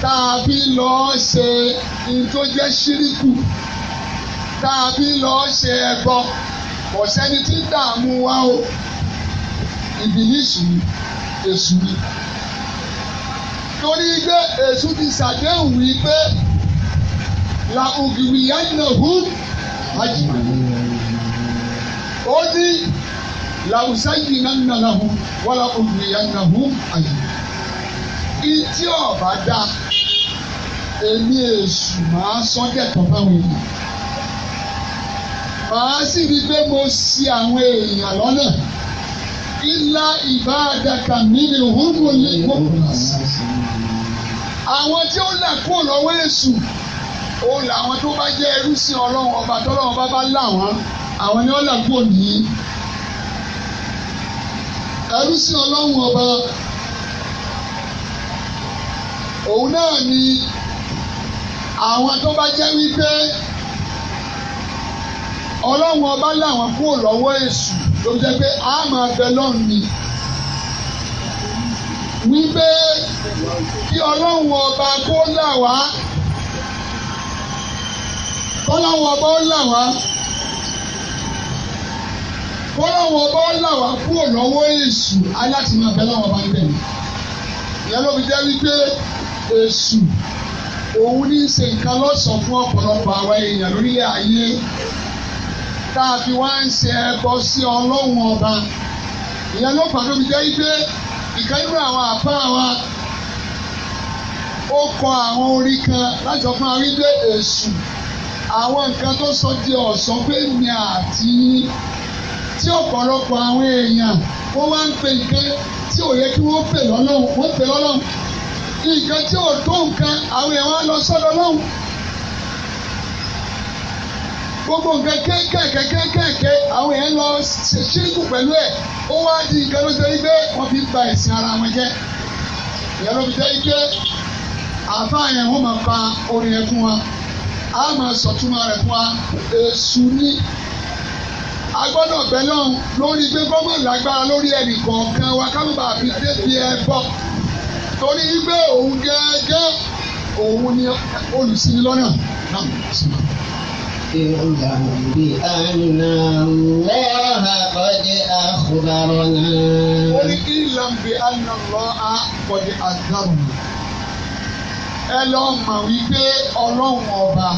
tá a fi lọ ṣe ní tó jẹ́ ṣíríkù tá a fi lọ ṣe ẹbọ kò sẹ́ni tí dààmú wa o ìbílísù èṣù ni torí pé èṣù ti ṣàdéhùn wípé làkùnkìwì yánnahu àjùmọ̀ ó ní làwùsáyìn náà nàlàhùn wàlàkùnkìwì yánnahu àjùmọ̀ ìtí ọ̀bá dá èmi èṣù máa sọ́jẹ̀tọ̀ fáwọn èèyàn màá sì rí i pé mo ṣì àwọn èèyàn lọ́nà ilá ìbáradàkà mi ni òhúnmọ̀ lè kó àwọn tí ó là kúrò lọ́wọ́ èṣù ó là àwọn tó bá jẹ́ ẹrú sí ọlọ́run ọba tọ́lọ́run bá bá là wọ́n àwọn ni ó là kúrò ní ẹrú sí ọlọ́run ọba òun náà ni àwọn tó bá jẹ́ wípé ọlọ́run ọba làwọn kúrò lọ́wọ́ èṣù ló jẹ́ pé a máa bẹ lọ́run ni wípé kí ọlọ́run ọba kó là wá kọ́lọ́run ọba ó là wá kọ́lọ́run ọba ó là wá kúrò lọ́wọ́ èṣù aláti máa bẹ lọ́run ọba ń yẹn ló fi jẹ́ wípé èṣù òun ní í ṣe nǹkan lọ́sàn fún ọ̀pọ̀lọpọ̀ àwa èèyàn lórí ayé tá a fi wá ń ṣe ẹbọ sí ọlọ́run ọba ìyẹn ló pàtó fi jẹ́ pé ìkan nínú àwọn àpá wa ó kọ àwọn orin kan láti sọ fún wa wípé èṣù àwọn nǹkan tó sọ di ọ̀sán pé mi àti yín tí ọ̀pọ̀lọpọ̀ àwọn èèyàn wọ́n wá ń pè nǹkan tí ò yẹ kí wọ́n pè lọ́lọ́run wọ́n pè lọ́lọ́run nǹkan tí ò tó nǹkan àwọn èèyàn wa lọ sọ́dọ̀ lọ́hùn. gbogbo nǹkan kéékèèké kéékèèké àwọn èèyàn lọ ṣíríkù pẹ̀lú ẹ̀ ó wá di nǹkan ló ṣe rí pé wọ́n fi ba ẹ̀sìn ara wọn jẹ́ ìyẹn ló fi jẹ́ ike àáfàá yẹn wọ́n máa pa orin yẹn fún wa a máa sọ̀túnmọ́ rẹ̀ fún wa èṣù ní a gbọ́dọ̀ bẹ náà lórí pé gbọ́mọ̀ lágbára lórí ẹnì kọ̀ọ̀kan wa ká má bàa fi débi ẹ torí pé òun gẹ́gẹ́ òun ni olùṣinilọ́nà náà sùn. اعلم بأن الله قد أخبرنا اعلم بأن الله قد أخبرنا ẹ lọ mọ̀ wípé ọlọ́run ọba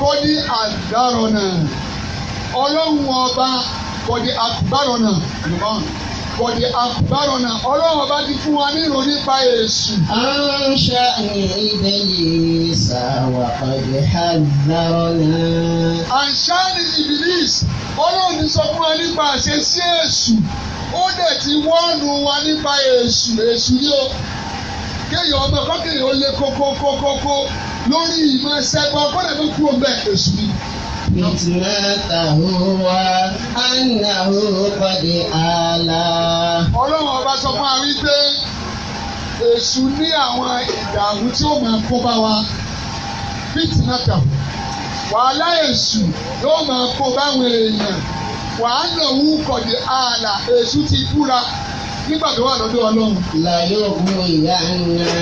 kò ní àdárọ̀ náà ọlọ́run ọba kò ní àkùbárọ̀ náà Bọ̀dì àkùbárọ̀nà ọlọ́run ọba ti fún wa ní ìròyìn nípa èṣù. À ń ṣe ìdè ìsà wà pàdé àgbàrọ̀nà. À ń ṣe ní Ibilis ọlọ́run ti sọ fún wa nípa àṣẹ sí èṣù ó dẹ̀ ti wọ́ọ̀nù wa nípa èṣù èṣù yìí o kéèyàn ọmọ kọ́kéèyàn lé kókókókókó lórí ìmọ̀ ẹsẹ̀ kan kó lè kú ọbẹ̀ èṣù yìí fitnatahu wa annahu qad ala. ọlọ́run ọba sọ fún wa wípé èṣù ní àwọn ìdààmú tí ó máa kó bá wa fitnatahu wàhálà èṣù yóò máa kó báwọn èèyàn wàhálà òun kọ̀dé ààlà èṣù ti búra nígbà tó wà lọ́dọ̀ ọlọ́run. láyé òkú ìyá ńlá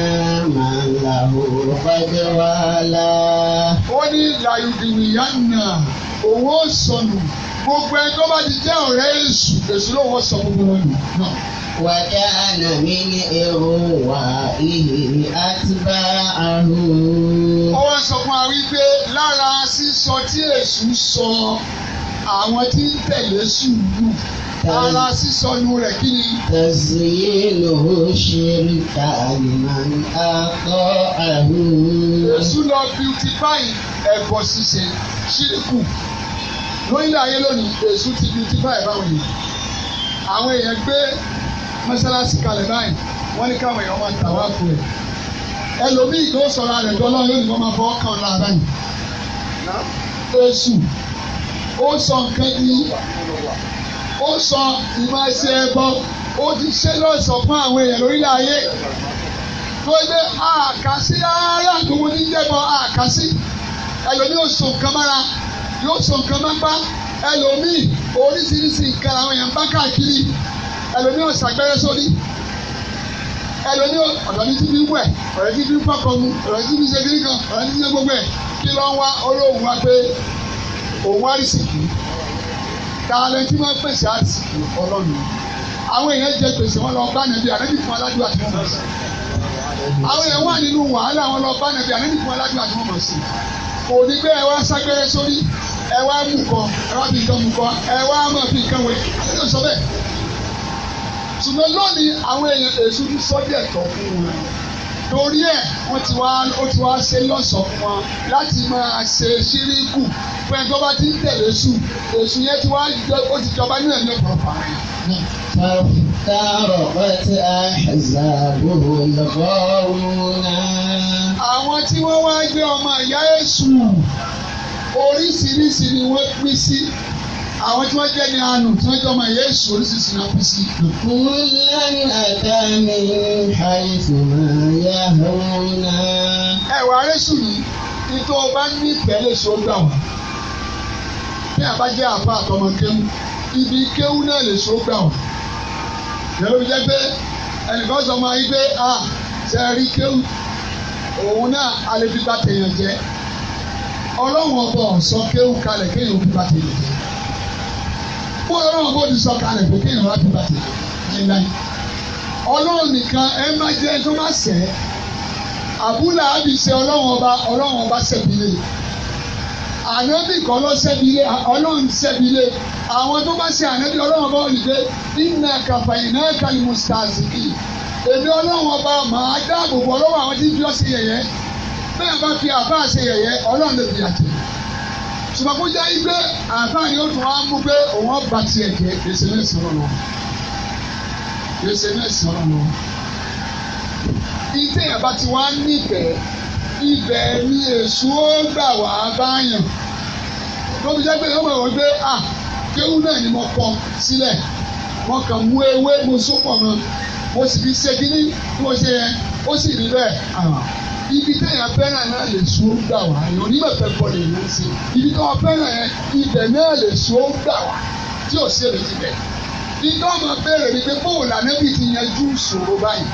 máa ń la òwò fàjẹ́ wàhálà. ó ní làyùdìrì ìyá nà owó sọnù gbogbo ẹni tó bá ti jẹ́ ọ̀rẹ́ èṣù èṣù ló wọ́ sọ gbogbo wọn nù. wàdà ànàmí ní èrò wà ìhè àtibá àrùn. ó wá sọ fún wa wípé lára sísọ tí èṣù sọ àwọn tí ń tẹ̀lé sùúrù ara sísọnù rẹ̀ kí ni. tazyilu ṣèlúta man ata'ahu. èṣù lọ beautify ẹ̀kọ́ ṣíṣe ṣírìkù lórílẹ̀ ayé lónìí èṣù ti beautify báwọn yìí àwọn èèyàn gbé mọ́ṣáláṣí kalẹ̀ báyìí wọ́n ní káwọn èèyàn máa tàwa kù ẹ̀ ẹlòmíì kò sọ̀rọ̀ àrẹ̀ dọ́lọ́ yóò ní wọ́n máa fọwọ́ kàn lára yìí. èṣù ó sọ nǹkan di ó sọ ìmọ̀ ẹsẹ̀ ẹbọ ó ti ṣe lọ́sọ̀ fún àwọn èèyàn lórílẹ̀ ayé tó gbé àkàsí rárá tòun ní jẹ́bọ àkàsí ẹlòmíì yóò sọ nǹkan mára yóò sọ nǹkan mápá ẹlòmíì oríṣiríṣi nǹkan àwọn èèyàn bá káàkiri ẹlòmíì yóò ṣàgbẹ́rẹ́ sórí ẹlòmíì ọ̀dọ̀ ní tíbi wẹ̀ ọ̀dọ̀ tíbi pọ̀kọ̀ mu ọ̀dọ̀ tíbi ṣe kiri kan ọ̀dọ̀ tíbi ṣe gbogbo ẹ̀ kí ló wá olóhùn wa pé òun wá rí sìkì tààlẹ́ tí wọ́n pèsè àti ọlọ́run àwọn èèyàn jẹ gbèsè wọn lọ bá nàbí ànábì fún aládùúgbò àti wọn mọ̀ sí àwọn èèyàn wà nínú wàhálà wọn lọ bá nàbí ànábì fún aládùúgbò àti wọn mọ̀ sí kò ní pé ẹ wá ságbẹ́rẹ́ sórí ẹ wá mú kọ ẹ wá fi nǹkan mú kọ ẹ wá mọ̀ fi nǹkan wẹ̀ àti sọ bẹ́ẹ̀ ṣùgbọ́n lónìí àwọn èèyàn èṣù ti sọ́jà ẹ̀tọ́ fún wọn torí ẹ̀ wọ́n ti wá ó ti wá ṣe lọ́sọ̀ọ́ fún wọn láti máa ṣe ṣíríkù fún ẹni tó bá ti ń tẹ̀lé èṣù èṣù yẹn ti wá ó ti jọba nínú ẹ̀mí ọ̀pọ̀lọpọ̀ àwọn èèyàn. Tààrọ̀ bàtí àhàzàbò lọ́wọ́rùnà. Àwọn tí wọ́n wá gbé ọmọ ìyá èṣù oríṣiríṣi ni wọ́n pín sí àwọn tí wọ́n jẹ́ ní àánú tí wọ́n jẹ́ ọmọ ìyá èṣù oríṣiríṣi náà kú sí. kúlẹ̀ àdáni àìsàn yà hóná. ẹ̀wọ̀ arẹ́sù yìí nítorí o bá ní ìpẹ́lẹ̀ èso gbà wá bí a bá jẹ́ àpá àtọmọ kéwú ibi kéwú náà lè so gbà wá. ìyẹn ló fi pé ẹnìkan sọ máa yí pé a ṣe rí kéwú òun náà alẹ́ fi bá tèèyàn jẹ́ ọlọ́run ọba ọ̀sán kéwú kalẹ̀ kéèyàn fi bá tèèyàn jẹ́ fún ọlọ́run kò ní sọ kalẹ̀ pé kéèyàn wá bí bàtà láíláí ọlọ́run nìkan ẹ má jẹ́ tó má sẹ́ àbúlà àbí ṣe ọlọ́run ọba ọlọ́run ọba ṣẹ̀bílẹ̀ ànábì kọ́ lọ ṣẹ̀bílẹ̀ ọlọ́run ṣẹ̀bílẹ̀ àwọn tó bá ṣe ànábì ọlọ́run ọba òyìnbó iná kàfà iná kàlímù sàzìkì èmi ọlọ́run ọba màá dáàbò bò ọlọ́run àwọn tí ń fi ọ́ ṣe yẹ̀yẹ́ bẹ́ẹ̀ bá fi àbá ṣe yẹ̀yẹ́ ọlọ́run lè fi àjẹ́ ṣùgbọ́n kó jẹ́ igbe àtàn yóò tún wá mú pé òun ọba tiẹ̀ jẹ́ gbèsè náà sọ̀rọ̀ lọ. gbèsè náà sọ̀rọ̀ lọ. ìdí ẹ̀bá ti wá níbẹ̀ ibẹ̀ ni èṣù ó gbà wá báyàn. lóbi jẹ́ pé ọmọ ìwọ̀n gbé à kéwú náà ni mo kọ sílẹ̀ wọ́n kàn mú ewé mo sún pọ̀ mọ́ mo sì fi ṣe kínní mo ṣe yẹn ó sì rí bẹ́ẹ̀ ibi téèyàn fẹ́ràn náà lè sùn gbà wá èèyàn onímọ̀fẹ́ kọ́ lè yẹn sí ibi tó fẹ́ràn yẹn ibẹ̀ náà lè sùn gbà wá tí ò sí èmi níbẹ̀ nígbà máa bẹ̀rẹ̀ ni pé bóòlù ànábì ti yanjú ìṣòro báyìí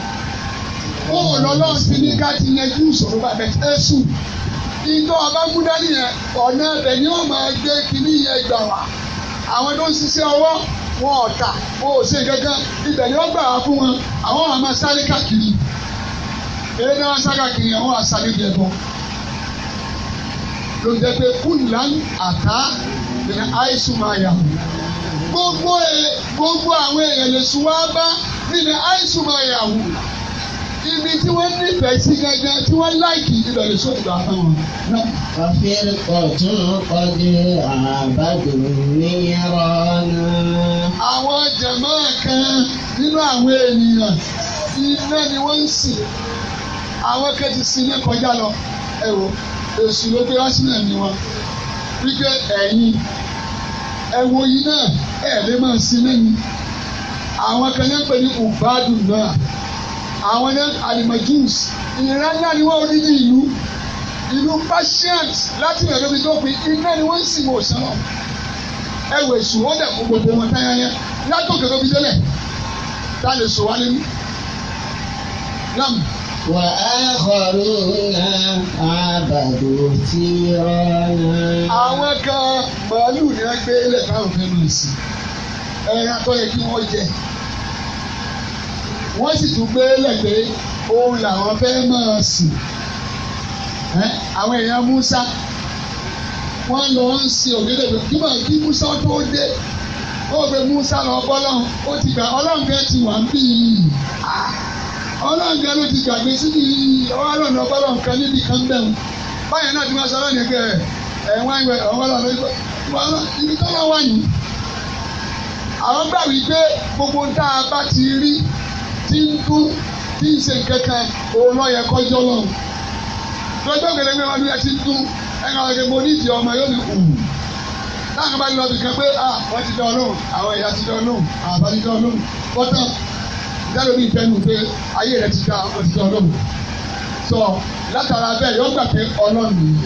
bóòlù ọlọ́run ti ní ká ti yanjú ìṣòro báyìí ẹ̀sùn ìjọ abágúndá nìyẹn ọ̀nà ẹ̀bẹ̀ ni wọ́n máa gbé kínní yẹn gbà wá àwọn tó ń ṣiṣẹ́ ọwọ́ wọn ọ̀tà wọn ò ṣe gángan ibẹ̀ ni wọ́n gbà wá fún wọn àwọn àmọ́ sáré káàkiri eré náà ṣàkàkiri àwọn àṣàlẹ̀ ìjẹ̀bọ̀ ló ń dẹ́gbẹ́ kúnlán àtá ìrìn àìsùnmáyà gbogbo gbogbo àwọn èèyàn lè sùn wá bá nínú àìsùnmáyà wù ibi tí wọ́n nífẹ̀ẹ́ sí gangan tí wọ́n láìkì ìbílẹ̀ lè sọ̀tù bá fún wọn. Ọ̀fíìrì kọ̀tún kọ́dé àbádùn níyàrá náà. Àwọn jàmáà kan nínú àwọn ènìyàn iná ni wọ́n ń sìn àwọn kan ti sin ní kọjá lọ ẹ wò èsù ló gbé wá sínú ẹ̀mí wọn wípé ẹ̀yin ẹ wo yìí náà ẹ lè máa sin lẹ́yìn àwọn kan náà ń pè ní ubadu náà àwọn náà alimajus ìran náà ni wọ́n rí ní ìlú ìlú patient láti rẹ̀ lóbi tó pin iná ni wọ́n ń sìn wò sàn ẹ wò wọ́n dẹ̀ kó gbogbo wọn táyáyá látòkè lóbi délẹ̀ tá a lè sọ wá lẹ́nu. Nam. وآخرون عبدوا تيرانا àwọn kan màálù ni wọ́n gbé ilẹ̀ táwọn fẹ́ máa sí ẹran tó yẹ kí wọ́n jẹ wọ́n sì tún gbé lẹ́gbẹ́ òun làwọn fẹ́ máa sìn àwọn èèyàn Musa wọ́n lọ ń sin ògèdè kí màá kí Musa tó dé ó gbé Musa lọ bọ́lọ́hún ó ti gbà ọlọ́run fẹ́ ti wà ń bí yìí. ọlọ́run kan ló ti gbàgbé síbi ọwọ́ àlọ́nà ọgbọ́lọ́run kan níbi kan bẹ̀rù báyẹn náà ti máa sọ lọ́nà ẹgbẹ́ ẹ̀ wọ́n ìwẹ̀ ọgbọ́lọ́run ibi tọ́lá wà àwọn gbà wípé gbogbo tá a bá ti rí ti ń dún tí ń ṣe kankan òun lọ yẹ lọ́jọ́ wọn ti ń ẹ̀ka ọ̀gẹ̀ mo ní ìdí ọmọ yóò ní kù bá ti yálò ní ìfẹ́nu pé ayé rẹ ti da òṣìṣẹ́ ọlọ́run sọ látara bẹ́ẹ̀ yọ gbà pé ọlọ́run yìí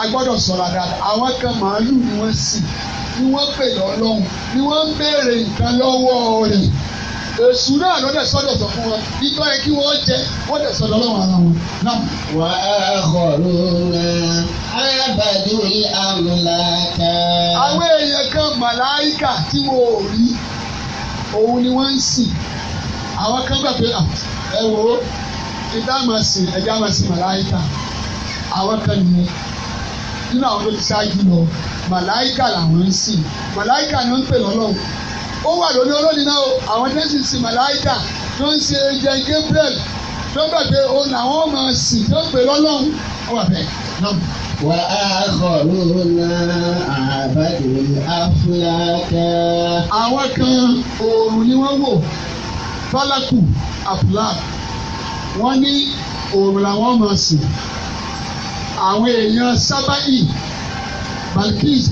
a gbọ́dọ̀ sọ̀rọ̀ dáadáa àwọn kan màálù ni wọ́n sì ni wọ́n pè lọ́lọ́run ni wọ́n ń béèrè nǹkan lọ́wọ́ rẹ̀ èsù náà lọ́dẹ̀ sọ́dọ̀ sọ fún wọn ìtọ́ yẹ kí wọ́n jẹ wọ́n dẹ̀ sọ́dọ̀ lọ́wọ́ ara wọn náà. wà á kọ̀rọ̀ náà ábàdí àmàlàkà. àwọn èèyàn kan màláìkà tí wọn ò rí òun ni wọ́n ń sìn àwọn kan gbà pé ẹ wò ó ìdá máa sìn ẹ̀já máa sìn màláìka àwọn kan nìyẹn nínú àwọn tó ti ṣáájú lọ màláìka làwọn ń sìn màláìka ni ó ń pè lọ́lọ́run ó wà lórí olóyìn náà àwọn tó ń sìn sìn màláìka tó ń ṣe jẹ Gabriel tó gbà pé òun làwọn máa sìn tó ń pè lọ́lọ́run ó wà bẹ́ẹ̀ náà. wà á kọ̀rọ̀ náà àbájáde àwọn kan oòrùn ni wọ́n wò fálákù àpùlà wọ́n ní òòrùn làwọn máa sìn àwọn èèyàn sábàyì balkis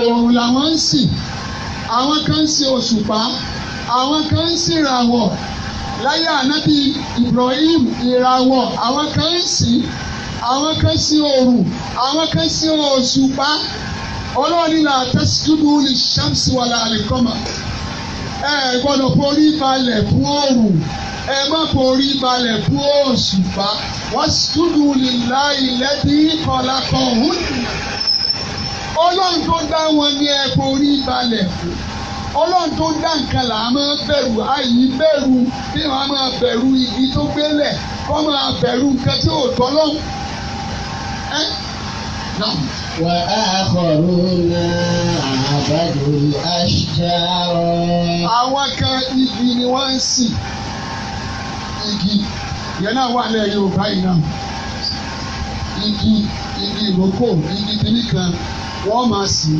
òòrùn làwọn ń sìn àwọn kan ń sìn òṣùpá àwọn kan ń sìn ìràwọ̀ láyé ànábì Ibrahim ìràwọ̀ àwọn kan ń sìn àwọn kan sìn òòrùn àwọn kan sìn òṣùpá ọlọ́ọ̀ni là tẹ́sítúdú lè ṣàǹsì wàlà àlìkọ́mà ẹ gbọ́dọ̀ forí balẹ̀ fún òòrùn ẹ má forí balẹ̀ fún òṣùpá wọ́n túdú lílá ilẹ̀ tí kọlá kan òun ọlọ́run tó dá wọn ni ẹ forí balẹ̀ fún ọlọ́run tó dá nǹkan là á máa bẹ̀rù àyè bẹ̀rù bí wọ́n á máa bẹ̀rù igi tó gbélẹ̀ kọ́ máa bẹ̀rù nǹkan tí ò tọ́ lọ́hùn. wà á kọ̀ ló ń náà àbájòrì àṣàrò. àwọn kan igi ni wọ́n ń sìn igi ìyẹn náà wà lẹ́yìn Yorùbá yìí náà igi igi ìrókò igi kìíní kan wọ́n máa sìn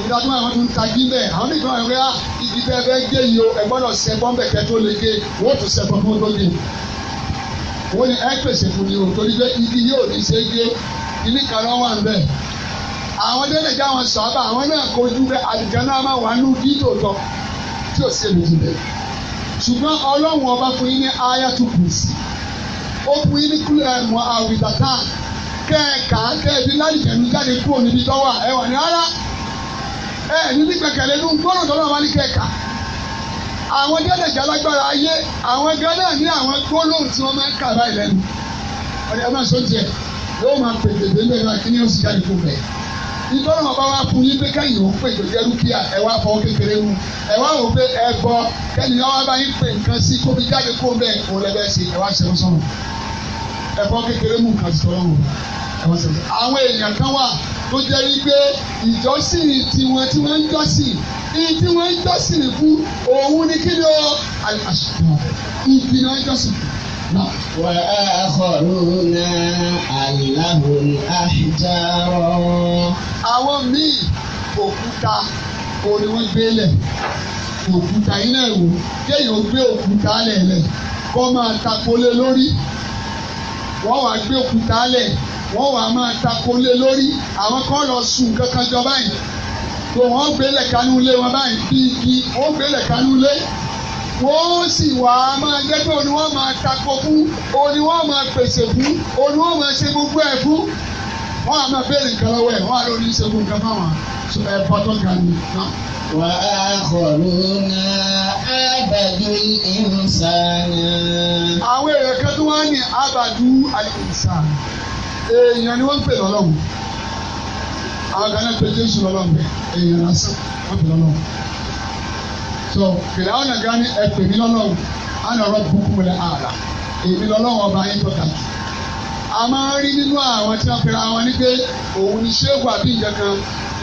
ìdá tó máa tún ta jí bẹ́ẹ̀ àwọn nígbà wọn wíwá igi bẹ́ẹ̀ bẹ́ẹ̀ gé yìí o ẹ gbọ́dọ̀ sẹ bọ́m̀bẹ̀ kẹ́ tó le gé wọ́n tún sẹ bọ́m̀bẹ̀ tó gé wọ́n ní ẹ pèsè fún mi o torí pé igi yóò ní ṣe gé kìíní kan náà wà ń bẹ́ẹ̀ àwọn délé jẹ́ àwọn sọ̀rọ̀ àwọn náà kojú bẹ́ẹ̀ àlùjá máa wà nù bí tòótọ́ tí ò sí èmi jù bẹ́ẹ̀. ṣùgbọ́n ọlọ́run ọba fún yín ní aya tó kù sí ó fún yín ní kúlẹ̀ mọ́ àwìtàtà kẹ́ẹ̀ka kẹ́ẹ̀bí lálùjá jáde kúrò níbi tọ́wà ẹ wà ní rárá ẹ níbi gbẹ̀kẹ̀lé nù gbọ́dọ̀ tọ́lọ́ wa ní kẹ́ẹ̀ka àwọn gẹ́gẹ́ alágbára ayé àwọn gánà ní àwọn gbólóhùn nítorí wọn bá wá fún yín pé kẹ́yìn òun pè tó jẹ́ rúpíà ẹ wá fọwọ́ kékeré mu ẹ wá wò pé ẹ gbọ́ kẹ́yìn wọn bá yín pè nǹkan sí kó fi jáde kó bẹ́ẹ̀ kó lẹ́bẹ̀ẹ́ sí ẹ wá ṣẹlẹ̀ sọ̀rọ̀ ẹ fọwọ́ kékeré mu nǹkan sí tọ́lọ́wọ́ ẹ wá ṣẹlẹ̀. àwọn èèyàn kan wà tó jẹ́ wípé ìjọsìn tiwọn tí wọ́n ń jọ́sìn iye tí wọ́n ń jọ́sìn fún òun ni kí ni ó àṣìkò ìdí ni wọ́n ń jọ́sìn fún. وآخرون ألهم أحجار. àwọn míì òkúta orí wọn gbélé òkúta yìí náà wò kéèyàn gbé òkúta lẹ̀lẹ̀ kó máa takolé lórí wọ́n wàá gbé òkúta lẹ̀ wọ́n wàá máa takolé lórí àwọn kan lọ sùn kankan jọ báyìí tó wọ́n gbélé kanú lé wọn báyìí bíi igi wọ́n gbélé kanú lé wọ́n sì wá máa jẹ́ pé òní wọ́n máa takò fún òní wọ́n máa pèsè fún òní wọ́n máa ṣe gbogbo ẹ̀ fún wọ́n á máa béèrè nǹkan lọ́wọ́ ẹ̀ wọ́n á lórí ṣe gbogbo nǹkan fáwọn ẹ̀ pọ́tọ́ ga ni. wà á kọ̀rọ̀ náà abàdú ìmùsànà. àwọn èrè kan tó wá ní abàdú àìmùsànà èèyàn ni wọ́n ń pè lọ́lọ́run àwọn kan náà pè Jésù lọ́lọ́run so fìlàwọ́n náà gan ni ẹ pè mí lọ́lọ́run àná ọ̀rọ̀ bukú mi lẹ́ àlà èmi lọ́lọ́run ọba yín tọ́ka sí. a máa ń rí nínú àwọn tí wọ́n pera wọn ní pé òun ni ṣéègùn àbí ìjẹ kan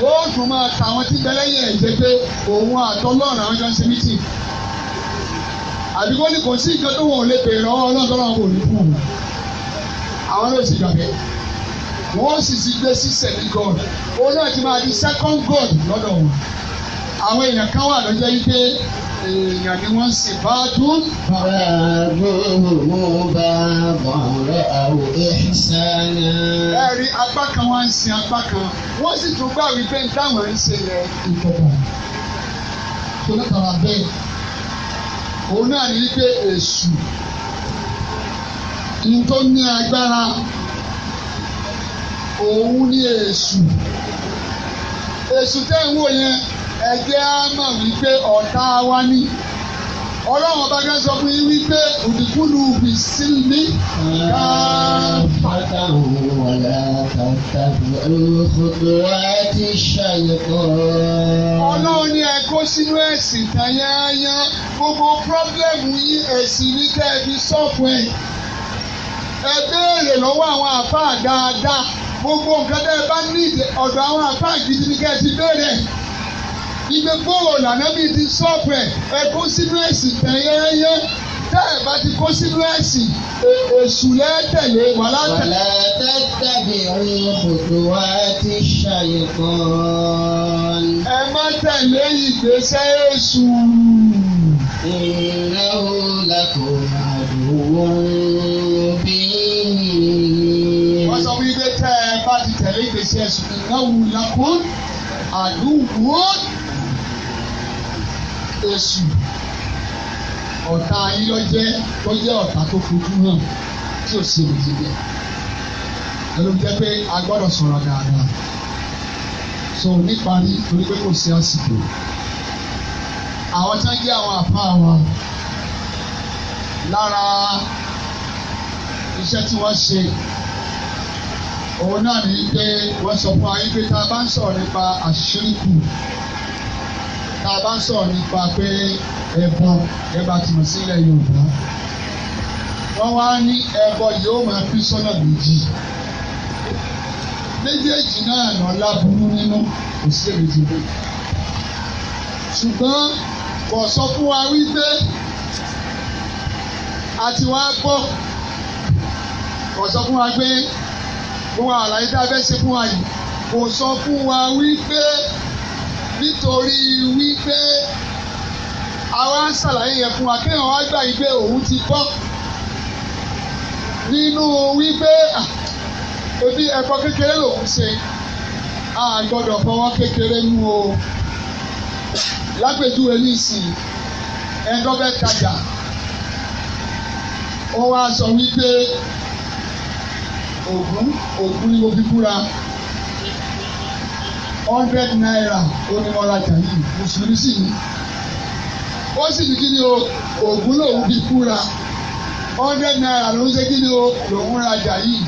yóò tún máa ta àwọn tí bẹ́lẹ́yìn ẹ̀ jẹ́ pé òun àtọ́lọ́run àwọn jọ ń ṣe mítì àdúgbò ní kò sí nǹkan tó wọn ò lè bèrè lọ́wọ́ ọlọ́dọ́rọ́ wọn ò ní fún un àwọn ló sì gbàgbé wọ́n sì ti gbé sí sẹ́mi god òun náà ti máa di second god lọ́dọ̀ wọn àwọn èèyàn kan wà lọ́jọ́ yìí pé èèyàn ni wọ́n sì bá dún. bàbá gbogbo bá bọ̀rọ̀ àwọn ìṣáná. ẹ̀rí apá kan wá ń sin apá kan wọ́n sì tún gbà wípé táwọn ń ṣe yẹn ìjọba. tó lọ́kàrà bẹ́ẹ̀ òun náà ní wípé èṣù ní tó ní agbára òun ní èṣù èṣù tẹ́ ń wò yẹn ẹ jẹ́ á mọ̀ wípé ọ̀tá wa ní ọlọ́run ọba gẹ́gẹ́ sọ fún yín wípé òdìkúlù fi sí mi. káfíńtà wọlé tàbí olùkọ́tò láti ṣàyẹ̀kọ́. ọlọ́run ní ẹ kó sínú ẹ̀sìn tayáyá gbogbo pírọ́blẹ́mù yín ẹ̀sìn ní kẹ́ẹ̀bí sọ́ọ̀fù ẹ̀. ẹ béèrè lọ́wọ́ àwọn àfáà dáadáa gbogbo nǹkan tẹ́ ẹ bá nídìí ọ̀dọ̀ àwọn àfáà gidi ni kẹ́ẹ̀ ti béèrè ìgbẹ́ bọ́ọ̀lù lànàbí ti sọ́ọ̀pù ẹ̀ ẹ̀ kó sínú ẹ̀sìn tẹ̀ yẹ́yẹ́ tẹ́ ẹ̀ bá ti kó sínú ẹ̀sìn èṣù lẹ́tẹ̀lé wà látẹ̀. wàlá tẹ́tẹ̀bì ohun kòtò wa ti ṣàyè kan. ẹ má tẹ̀lé ìgbésẹ̀ èṣù. ìnáwó làkò àdúgbò bí. wọ́n sọ wípé tẹ́ ẹ bá ti tẹ̀lé ìgbésẹ̀ èṣù ìnáwó làkò àdúgbò Jésù ọ̀tá yíyọ́jẹ́ tó jẹ́ ọ̀tá tó fojú hàn tí ò sí èmi jíjẹ ẹnu jẹ́ pé a gbọ́dọ̀ sọ̀rọ̀ dáadáa so níparí torí pé kò sí àsìkò àwọn tí wọ́n jẹ́ àwọn àfa wọn lára iṣẹ́ tí wọ́n ṣe òun náà ní pé wọ́n sọ fún ayé pé tá a bá ń sọ̀rọ̀ nípa àṣírí kù tá a bá ń sọ̀rọ̀ nípa pé ẹ̀bọn ẹ̀bà tìmọ̀ sílẹ̀ Yorùbá wọ́n wá ní ẹbọ yóò máa pín sọ́nà méjì méjèèjì náà nà láburú nínú kò sí èmi ti bẹ ṣùgbọ́n kò sọ fún wa wípé àti wá gbọ́ kò sọ fún wa pé gbogbo àlàyé tá a fẹ́ ṣe fún wa yìí kò sọ fún wa wípé nítorí wípé àwa ń ṣàlàyé yẹn fún wa kéèyàn wá gbà yí pé òun ti bọ́ nínú wípé ebi ẹ̀kọ́ kékeré lòun ṣe a gbọ́dọ̀ fọwọ́ kékeré mú o lápèjúwe ní ìsìn ẹ̀ńdọ́ bẹ́ẹ̀ tajà ó wá sọ wípé ògún ògún ni mo fi búra. hundred naira onímọ̀lájà yìí mùsùlùmí ni ó sì ní kí ni o ògùn lòun fi kúra hundred naira ló ń ṣe kí ni o lòun rajà yìí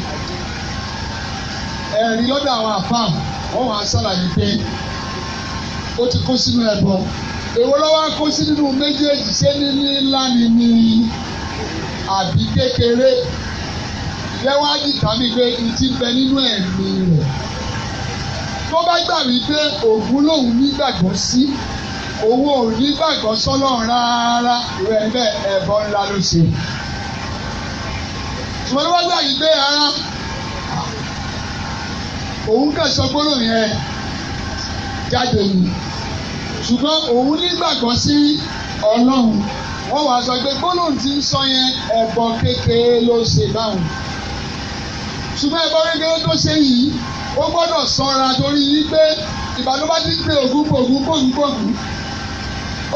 ẹ̀rí lọ́dọ̀ àwọn awa fam wàá ṣàlàyé pé ó ti kó sínú ẹ̀bọ èwo ló wá kó sí nínú méjèèjì ṣé ní ńlá ni ni àbí kékeré ti bẹ nínú ẹ̀mí tó bá gbà wípé ògún lòun nígbàgbọ́ sí owó òun nígbàgbọ́ sọ́lọ́run rárá ìwé ẹni bẹ́ẹ̀ ẹ̀bọ ńlá ló ṣe. ṣùgbọ́n ló bá gbà wípé rárá òun kàn sọ gbólóhùn yẹn jáde ni ṣùgbọ́n òun nígbàgbọ́ sí ọlọ́run wọ́n wàá sọ pé gbólóhùn tí ń sọ yẹn ẹ̀bọ kékeré ló ṣe báwọn ṣùgbọ́n ẹ̀bọ kékeré tó ṣe yìí ó gbọ́dọ̀ sọ́ra torí wípé ìbàdàn bá ti gbé ògún gbògún gbòǹgbòǹgù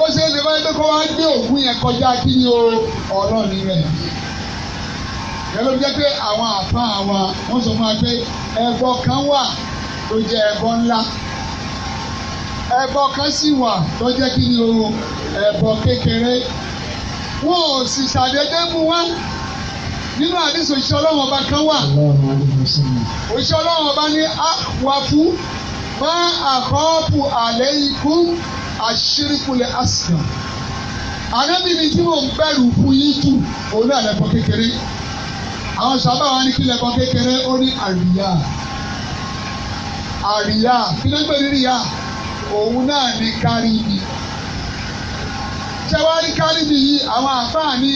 ó ṣe é ṣe báyìí pé kó wá gbé ògún yẹn kọjá kí ni o ọ̀rọ̀ ni rẹ̀ yẹn ló jẹ́ pé àwọn àfa àwọn wọ́n sọ fún wa pé ẹbọ kan wà tó jẹ́ ẹbọ ńlá ẹbọ kan sì wà tó jẹ́ kí ni o ẹbọ kékeré wọn ò sì ṣàdédé mú wá nínú àdìsí òṣìṣẹ́ ọlọ́run ọba kan wà òṣìṣẹ́ ọlọ́run ọba ní àwàfú má àkọ́ọ̀pù àlẹ́ ikú àṣírìkulẹ̀ àṣìkà àrẹ́bìnrin tí mò ń bẹ̀rù fún yín jù òun náà lẹ́kọ̀ọ́ kékeré àwọn sábà wà ní kí lẹ́kọ̀ọ́ kékeré ó ní àríyá àríyá kí ló ń pè ní ríyá òun náà ní káríbi tẹ́wárí káríbi yìí àwọn àfáà ní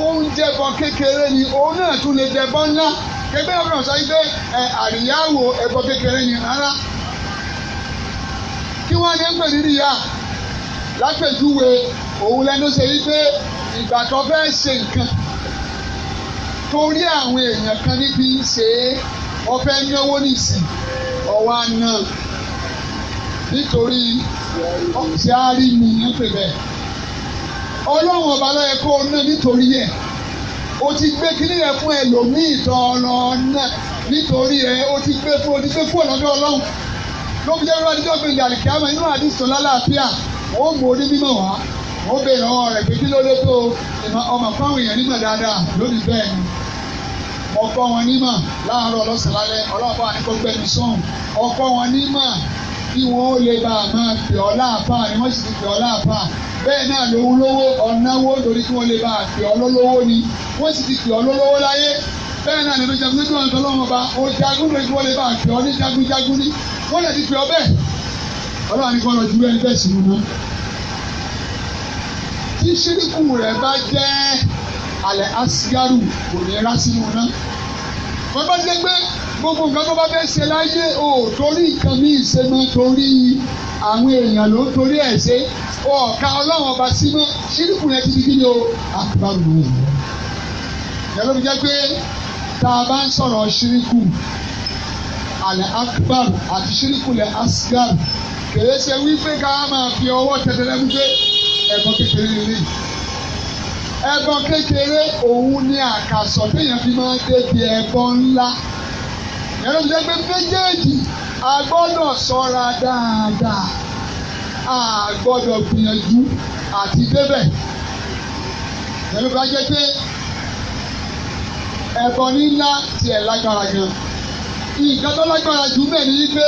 oúnjẹ bọ kékeré ni òun náà tún lè dẹbọ ńlá kẹgbẹ́ ọ̀rọ̀ sọ pé ẹ àríyáwó ẹbọ kékeré ni rárá kí wọ́n ní pè ní ríyà lápèjúwe òun lẹ́nu ṣe wípé ìgbà tó fẹ́ ṣe nǹkan torí àwọn èèyàn kan níbi ń ṣe é wọ́n fẹ́ náwó nìsín ọwọ́ àná nítorí ọ̀sẹ̀ àárín mi ń pè bẹ́ẹ̀ ọlọ́run ọba ló yẹ kó o ná nítorí ẹ̀ o ti gbé kíní yẹn fún ẹlòmíì tọrọ náà nítorí ẹ o ti gbé fún o ti gbé fún ọ̀nàdọ́ ọlọ́run ló fi jẹ́ rọ́ọ̀dì tó gbèndé àlìkámẹ́ nínú àdìsàn lálàáfíà ó mú orí mímọ̀ wá ó bèèrè ọwọ́ rẹ̀ pé kí ló dé tó ọmọ fáwọn èèyàn nímọ̀ dáadáa lónìí bẹ́ẹ̀ ni ọkọ wọn nímọ̀ láàárọ̀ ọlọ́sàn lálẹ́ ọlọ́pàá àníkọ́gbẹ́ni sọ́hùn ọkọ wọn nímọ̀ kí wọ́n ó lè bá a máa pè ọ́ láàfáà ni wọ́n sì ti pè ọ́ láàfáà bẹ́ẹ̀ náà lòun lówó ọ̀náwó lórí kí wọ́n lè bá a pè ọ́ lólówó ni wọ́n sì ti pè ọ́ lólówó láyé bẹ́ẹ̀ náà nínú jagun nínú ọ̀nà tọ́lọ́wọ́ ba ó jagun lórí kí wọ́n lè bá a pè ọ́ ní jagunjagun ni wọ́n lè ti pè ọ́ bẹ́ẹ̀ ọlọ́run ní kọ́ lọ ju ẹni bẹ́ẹ̀ sí mu náà tí ṣíríkù rẹ̀ bá jẹ́ alẹ́ asigaru kò ní rásìmù náà wọ́n bá jẹ́ pé gbogbo nǹkan tó bá fẹ́ ṣe láyé o torí nǹkan míì ṣe mọ́ torí àwọn èèyàn ló ń torí ẹ̀ ṣe ọ̀ka ọlọ́run ọba sí mọ́ ṣírìkù yẹn ti di kíni o àkùbárù wò ó. ìyàwó mi jẹ́ pé tá a bá ń sọ̀rọ̀ ṣírìkù àlẹ́ akbar àti ṣírìkù lẹ́ asgar kèé ṣe wípé ká máa fi ọwọ́ tẹ̀tẹ̀lẹ́ wípé ẹ̀gbọ́n kékeré rí ẹ̀gbọ́n kékeré òun ni àkàsọ̀ téèyàn fi máa ń débi ẹ̀gbọ́n ńlá yẹn ló pé méjèèjì a gbọ́dọ̀ ṣọ́ra dáadáa a gbọ́dọ̀ gbìyànjú àti débẹ̀ yẹn ló bá jẹ́ pé ẹ̀bọ nílá tiẹ̀ lágbára gan nǹkan tó lágbára jù bẹ́ẹ̀ ni pé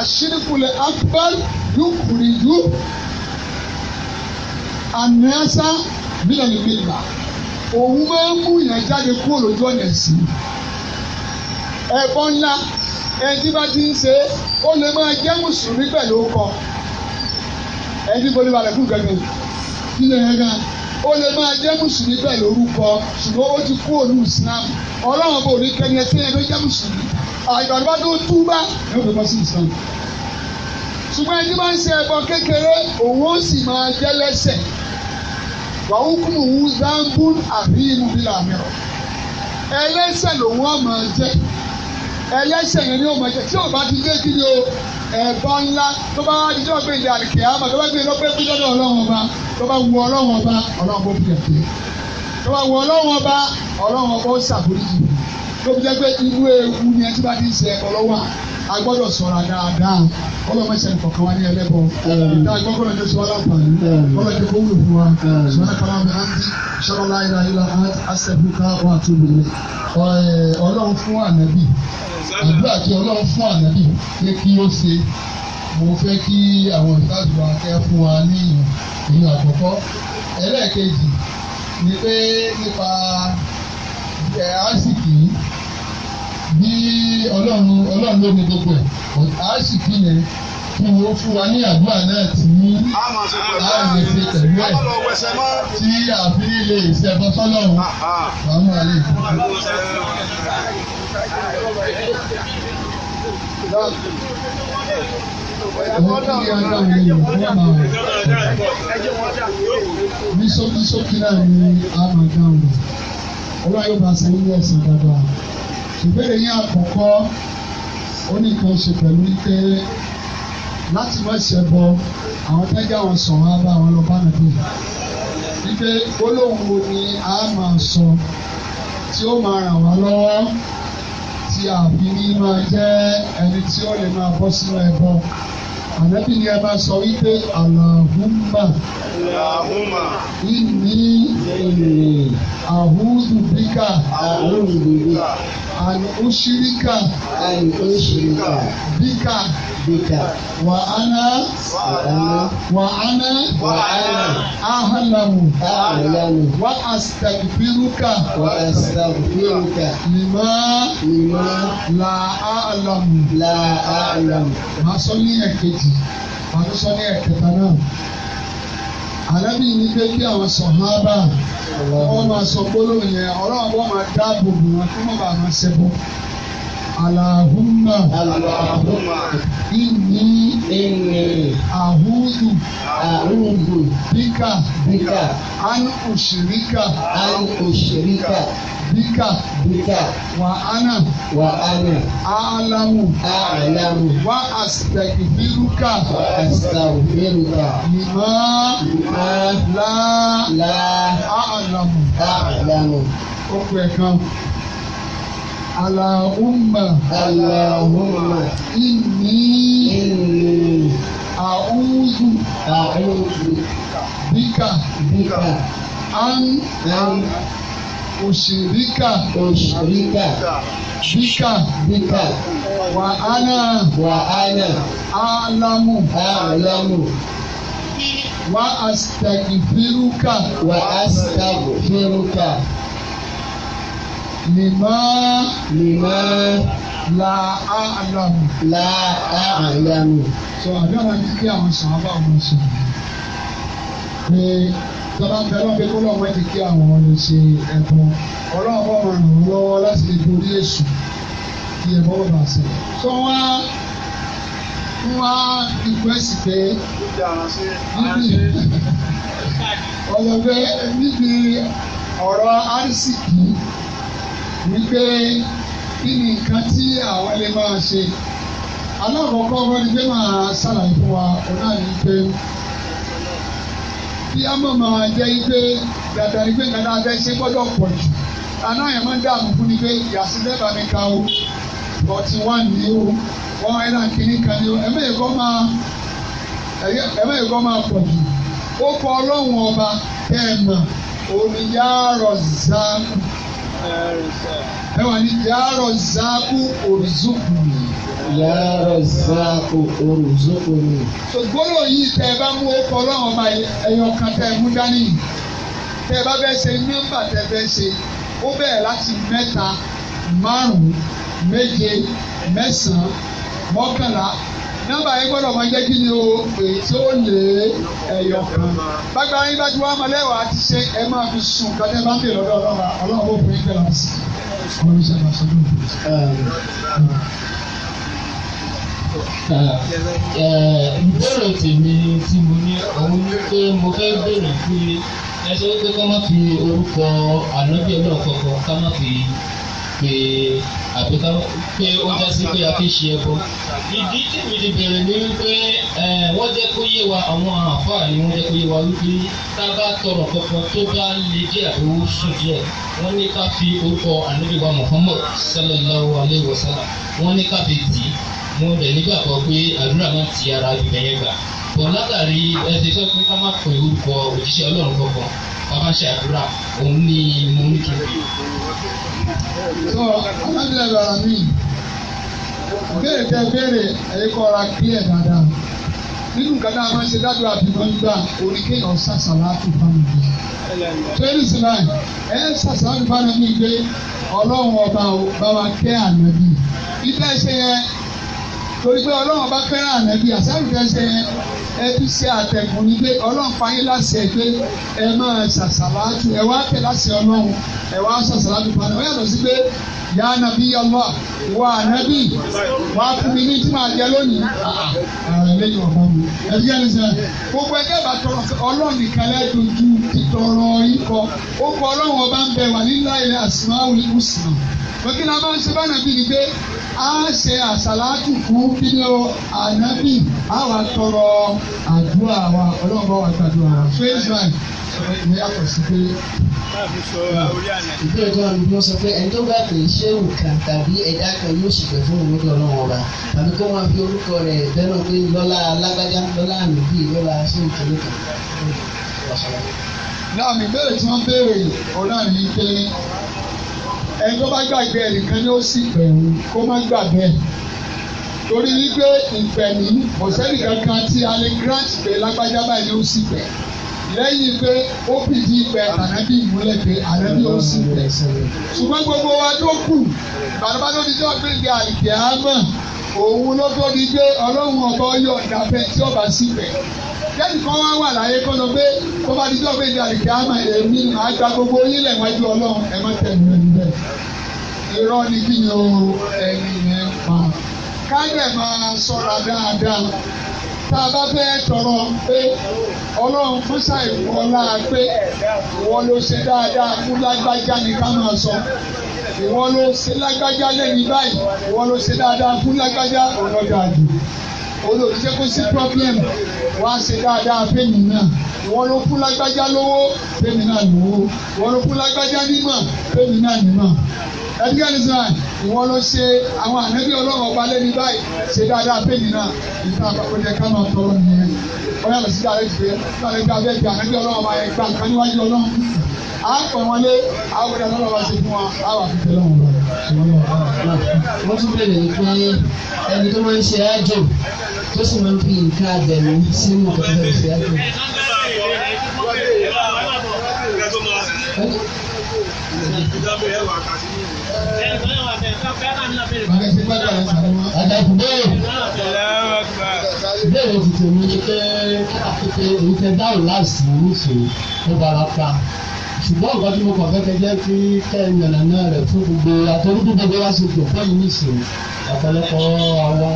àṣírìkulẹ̀ akbar yukuridu àníyànsá mílíọ̀nù mílíọ̀nù òun máa ń mú yẹn jáde kúrò lójú ọ̀nà ẹ̀sìn ẹbọ ńlá ẹni tí bá ti ń ṣe ó lè máa jẹ́ mùsùlùmí pẹ̀lú ọkọ ẹni tí bolí balẹ̀ fún gẹ́gẹ́ nílẹ̀ gẹ́gẹ́ ó lè máa jẹ́ mùsùlùmí pẹ̀lú orúkọ ṣùgbọ́n ó ti kú òun Islam ọlọ́run bò ní kẹ́ni ẹtí ẹni tó jẹ́ mùsùlùmí àgbàdo tó túbá yóò fi bọ́ sí Islam ṣùgbọ́n ẹni tí bá ń ṣe ẹbọ kékeré òun ó sì máa jẹ́ lẹ́sẹ̀ wàhùnkùn òun zambun àbí ìmúbilà mìíràn ẹlẹ́sẹ̀ lòun ọ̀ máa jẹ́ ẹlẹ́ṣẹ̀ yẹn ni ó mọ̀ ẹ̀ṣẹ̀ tí ò bá ti dé kí ni o ẹ̀bọ ńlá tó bá wá dídọ́ pé ilé àlùkè àmọ́ tó bá gbé lọ́pẹ́ pé lọ́dọ̀ ọlọ́run ọba tó bá wu ọlọ́run ọba ọlọ́run bó fi ẹ̀fẹ́ tó bá wu ọlọ́run ọba ọlọ́run ọba ó ṣàforíjì tó fi jẹ́ pé irú ewu ni ẹ ti bá ti ń ṣe a gbọ́dọ̀ sọ̀rọ̀ dáadáa ọlọ́mọṣẹ́ nìkọ̀kan wa ní ẹlẹ́bọ̀ dá gbọ́dọ̀ ní oṣù aláǹfààní ọlọ́dẹ kó wúlò fún wa sọ̀rọ̀ kàlá mi àǹtí sọ̀rọ̀ láìra ìlà àṣẹ̀fúnká wà tó lulẹ̀ ọlọ́run fún ànábì àdúrà tí ọlọ́run fún ànábì pé kí ó ṣe mo fẹ́ kí àwọn ìtàjù wa kẹ́ fún wa ní ìyẹn àkọ́kọ́ ẹlẹ́ẹ̀kejì ni pé nípa àsìkì yìí bí ọlọ́run ọlọ́run ló ní gbogbo ẹ̀ á sì fi yẹn fún wọn fún wa ní àdúrà náà tí a lè ṣe pẹ̀lú ẹ̀ tí àfi lè ṣe ẹ̀bọ sọ́lọ́run àwọn àlè ní sókí ni a máa dáhùn ọlọ́run yóò bá ṣe nílé ẹ̀sìn dáadáa ìbéèrè yín àkọ́kọ́ ó ní kan ṣe pẹ̀lú pé láti má ṣe bọ àwọn tẹ́jà wọn sọ wọn bá wọn lọ bá nàbí wípé gbólóhùn wo ni a máa sọ tí ó máa ràn wá lọ́wọ́ tí àfi ní máa jẹ́ ẹni tí ó lè máa bọ́ sínú ẹbọ ànábì ni ẹ máa sọ wípé àlàhùmà ìní àhúzùbíkà àhúzùbíkà. Al-Ushirika. Al-Ushirika. Bika. Bika. Wa ana. Wa ana. Wa ana. Wa ana. Ahalamu, ahalamu. Wa astagfiruka. Wa astagfiruka. Lima. Lima. La a'lamu. La a'lamu. Màá sọ ní ẹ̀kejì, màá sọ ànábì ní pé kí àwọn sọ̀hábà ọ máa sọ gbólóhùn yẹn ọlọ́run bọ́ ma dáàbò bò wọn kí wọ́n bá máa Allahumma. Allahumma. Inni. Inni. Ahudu. Ahudu. Bika. Bika. An ushirika. An ushirika. Bika. Bika. Wa ana. Wa ana. Alamu. Alamu. Wa astaghfiruka. Wa astaghfiruka. Lima. Lima. La. La. Alamu. Alamu. Ó pẹ̀ kan. Allahumma. Allahumma. Inni. Inni. A'udhu. A'udhu. Bika. Bika. An. An. Ushirika. Ushirika. Bika. Bika. Wa ana. Wa ana. A'lamu. A'lamu. Wa astaghfiruka. Wa astaghfiruka lèmọ́ lèmọ́ la àlàmù. la àlàmù. sọ àdúrà ní kí àwọn sàábà wọn sọ pé tọ́lá bẹ́ẹ̀ lọ́pẹ́ kó lọ́wọ́ ti kí àwọn ọ̀nà ṣe ẹ̀bùn ọlọ́wọ́ bọ́ máa ràn wọ́n lọ́wọ́ láti lè borí èṣù kí ẹ̀bùn ọ̀rọ̀ ṣe. sọ wá wá ìgbésì pé níbi ọ̀rọ̀ níbi ọ̀rọ̀ àrísìkì. wípé kí ni nǹkan tí àwọn lè máa ṣe alákọ̀ọ́kọ́ wọn ni pé máa ṣàlàyé fún wa ọ náà bí a mọ̀ máa jẹ́ pé dàda ni pé fẹ́ ṣe gbọ́dọ̀ pọ̀ jù àná yẹn máa ń dààmú fún ni pé mi ka o forty one ni o wọn hundred kìíní kan ni o ẹ̀mẹ́ ìkọ́ máa ẹ̀mẹ́ ìkọ́ máa pọ̀ jù ó ọlọ́run ọba ẹ̀ mọ̀ ẹ wà ní yàrá zaku òrùzùkù mi. yàrá zaku òrùzùkù So sògbólò yìí tẹ ẹ bá mú ọkọ ọlọ́run ọba ẹyọ kan tẹ ẹ mú dání tẹ ẹ bá bẹ ṣe nọ́mbà tẹ ẹ bẹ ṣe ó bẹ̀rẹ̀ láti mẹ́ta márùn-ún méje mẹ́sàn-án mọ́kànlá nọ́mbà yẹn gbọ́dọ̀ máa jẹ́ kí ni o èyí tó lé ẹ̀yọ̀ kan bàgbà yín bá ti wá mọ́lẹ́wàá ti ṣe ẹ máa fi sùn kọ́tẹ́ bá ń bè lọ́dọ̀ ọlọ́run ọlọ́run ó fún yín sí i ọlọ́run ṣe máa ìbéèrè tèmi tí mo ní òun ní pé mo fẹ́ béèrè pé ẹ sọ pé ká má fi orúkọ ànábìyẹ náà kọ̀ọ̀kan ká má fi pé àbí ká pé ó já sí pé a fi ṣe ẹbọ ìdí tí mi ti bẹ̀rẹ̀ ni wípé wọ́n jẹ́ kó yé wa àwọn àǹfààní ni wọ́n jẹ́ kó yé wa wípé tá a bá tọrọ kankan tó bá le díẹ̀ àbí sùn díẹ̀ wọ́n ní ká fi orúkọ ànábì wa Muhammad sallallahu alayhi wa sallam wọ́n ní ká fi tì í mo dẹ̀ nígbàgbọ́ pé àdúrà máa ti ara ibẹ̀ yẹn gbà bọ̀ látàrí ẹsẹ̀ sọ́kùn ká má pè orúkọ òjíṣẹ́ Ọlọ́run kankan bàbá ṣe àdúrà òun ní mo ní kí n bí. so alábìlẹ̀ lọ́la mi béèrè tẹ béèrè ẹ̀yẹ kọ́ ra clear dáadáa nínú nǹkan tá a máa ń ṣe dájú àbímọ gbà orí kéèyàn ṣàṣàlá tó bá mi gbé twenty nine ẹ ṣàṣàlá tó bá mi gbé ọlọ́run ọba bá wa kẹ́ ànábì ibẹ̀ ṣe yẹn torí pé ọlọ́run bá fẹ́ràn ànábì àṣàlùfẹ́sẹ̀ yẹn ẹ fi ṣe àtẹ̀gùn ni pé ọlọ́run fayín láṣẹ pé ẹ máa ṣàṣàlátù ẹ wá tẹ̀ láṣẹ ọlọ́run ẹ wá ṣàṣàlátù fún ọ yàtọ̀ sí pé yà ànábì yọlọ wà ànábì wà á fún mi ní tí màá jẹ lónìí ààrẹ lẹ́yìn ọ̀pọ̀ mi ẹbí ẹni sẹ gbogbo ẹgbẹ́ bá tọrọ ọlọ́run nìkan lẹ́dùn ju tọrọ yín ó kọ ọlọ́run ọba a ṣe àṣàlátù fún kíló ànábì àwa tọrọ àdúrà wa ọlọ́run bá wa gbàdúrà wa face by ní yàtọ̀ sí pé. ìbéèrè tó wà ní wọ́n sọ pé ẹni tó bá pè é ṣéwù kan tàbí ẹ̀dá kan yóò ṣìpẹ̀ fún òun lọ́dọ̀ ọlọ́run ọba tàbí kó máa fi orúkọ rẹ̀ bẹ́ẹ̀ pé lọ́lá alágbájá lọ́lá àmì bíi lọ́lá ṣéwù kìnìkan. náà mi béèrè tí wọ́n béèrè ọ̀nà mi pé ẹni tó bá gbàgbé ẹnìkan ni ó sì pẹ̀lú kó má gbàgbé torí wípé ìfẹ́ ní kò sẹ́ni kankan tí a lè grant pé lágbájá báyìí ó sì fẹ́ lẹ́yìn pé ó fìdí ìfẹ́ ànábì ìmúlẹ̀ pé ànábì ó sì fẹ́ ṣùgbọ́n gbogbo wa tó kù bàbá tó ti jọ́ pé ìgbà ìgbà àmọ́ òun ló tó di pé ọlọ́run ọba ọyọ̀ ìdàbẹ̀ tí ọba sì fẹ́ jẹ́ni kan wá wà láyé kọ́ lọ pé tó bá di jọ́pé ìdí àdìgbà àmà èmi máa gba gbogbo yín lẹ́wájú ọlọ́run ẹ má tẹ̀lé bẹ́ẹ̀ irọ́ ni kí ni o ẹni yẹn pa ká dẹ̀ máa sọ̀rọ̀ dáadáa tá a bá fẹ́ tọrọ pé ọlọ́run fún ṣàìwọ́ ọlá pé ìwọ ló ṣe dáadáa fún lágbájá ni ká máa sọ ìwọ ló ṣe lágbájá lẹ́yìn báyìí ìwọ ló ṣe dáadáa fún lágbájá ọ̀nà dáadáa olùsẹ́ kó sí problem wá ṣe dáadáa fẹ́mi náà wọ́n ló fún lágbájá lówó fẹ́mi náà lówó wọ́n ló fún lágbájá nímọ̀ fẹ́mi náà nímọ̀ ẹdíkẹ́ ní sinai ìwọ ló ṣe àwọn ànábì ọlọ́run ọba lẹ́ni báyìí ṣe dáadáa fẹ́mi náà ìta àpapọ̀ yẹ ká máa tọrọ nìyẹn ọ̀yà lọ sí dáadáa ìfẹ́ dáadáa ìfẹ́ ànábì ọlọ́run ọba yẹ gbà nǹkan níwájú ọlọ́run á pè wọ́n lé àwọn ọ̀gá náà wá sí fún wa á wà fún tẹ́lẹ̀ wọn lọ. wọ́n tún bèrè pé ẹni tó máa ń ṣe ájò tó sì máa ń fi nǹkan abẹ̀mí sínú ọ̀gá tó ṣe ájò. Ìbéèrè tuntun mi ni pé kékeré èyí tẹ dáhùn láìsí nífẹ̀ẹ́ ó dára pa ṣùgbọ́n nǹkan tí mo kàn fẹ́ kẹjẹ́ kí kẹ́hìn yànnàná rẹ̀ fún gbogbo àtọ́lùkù gbogbo wa ṣe jòkó yìí nìṣẹ́ ọ̀pọ̀lọpọ̀ àwa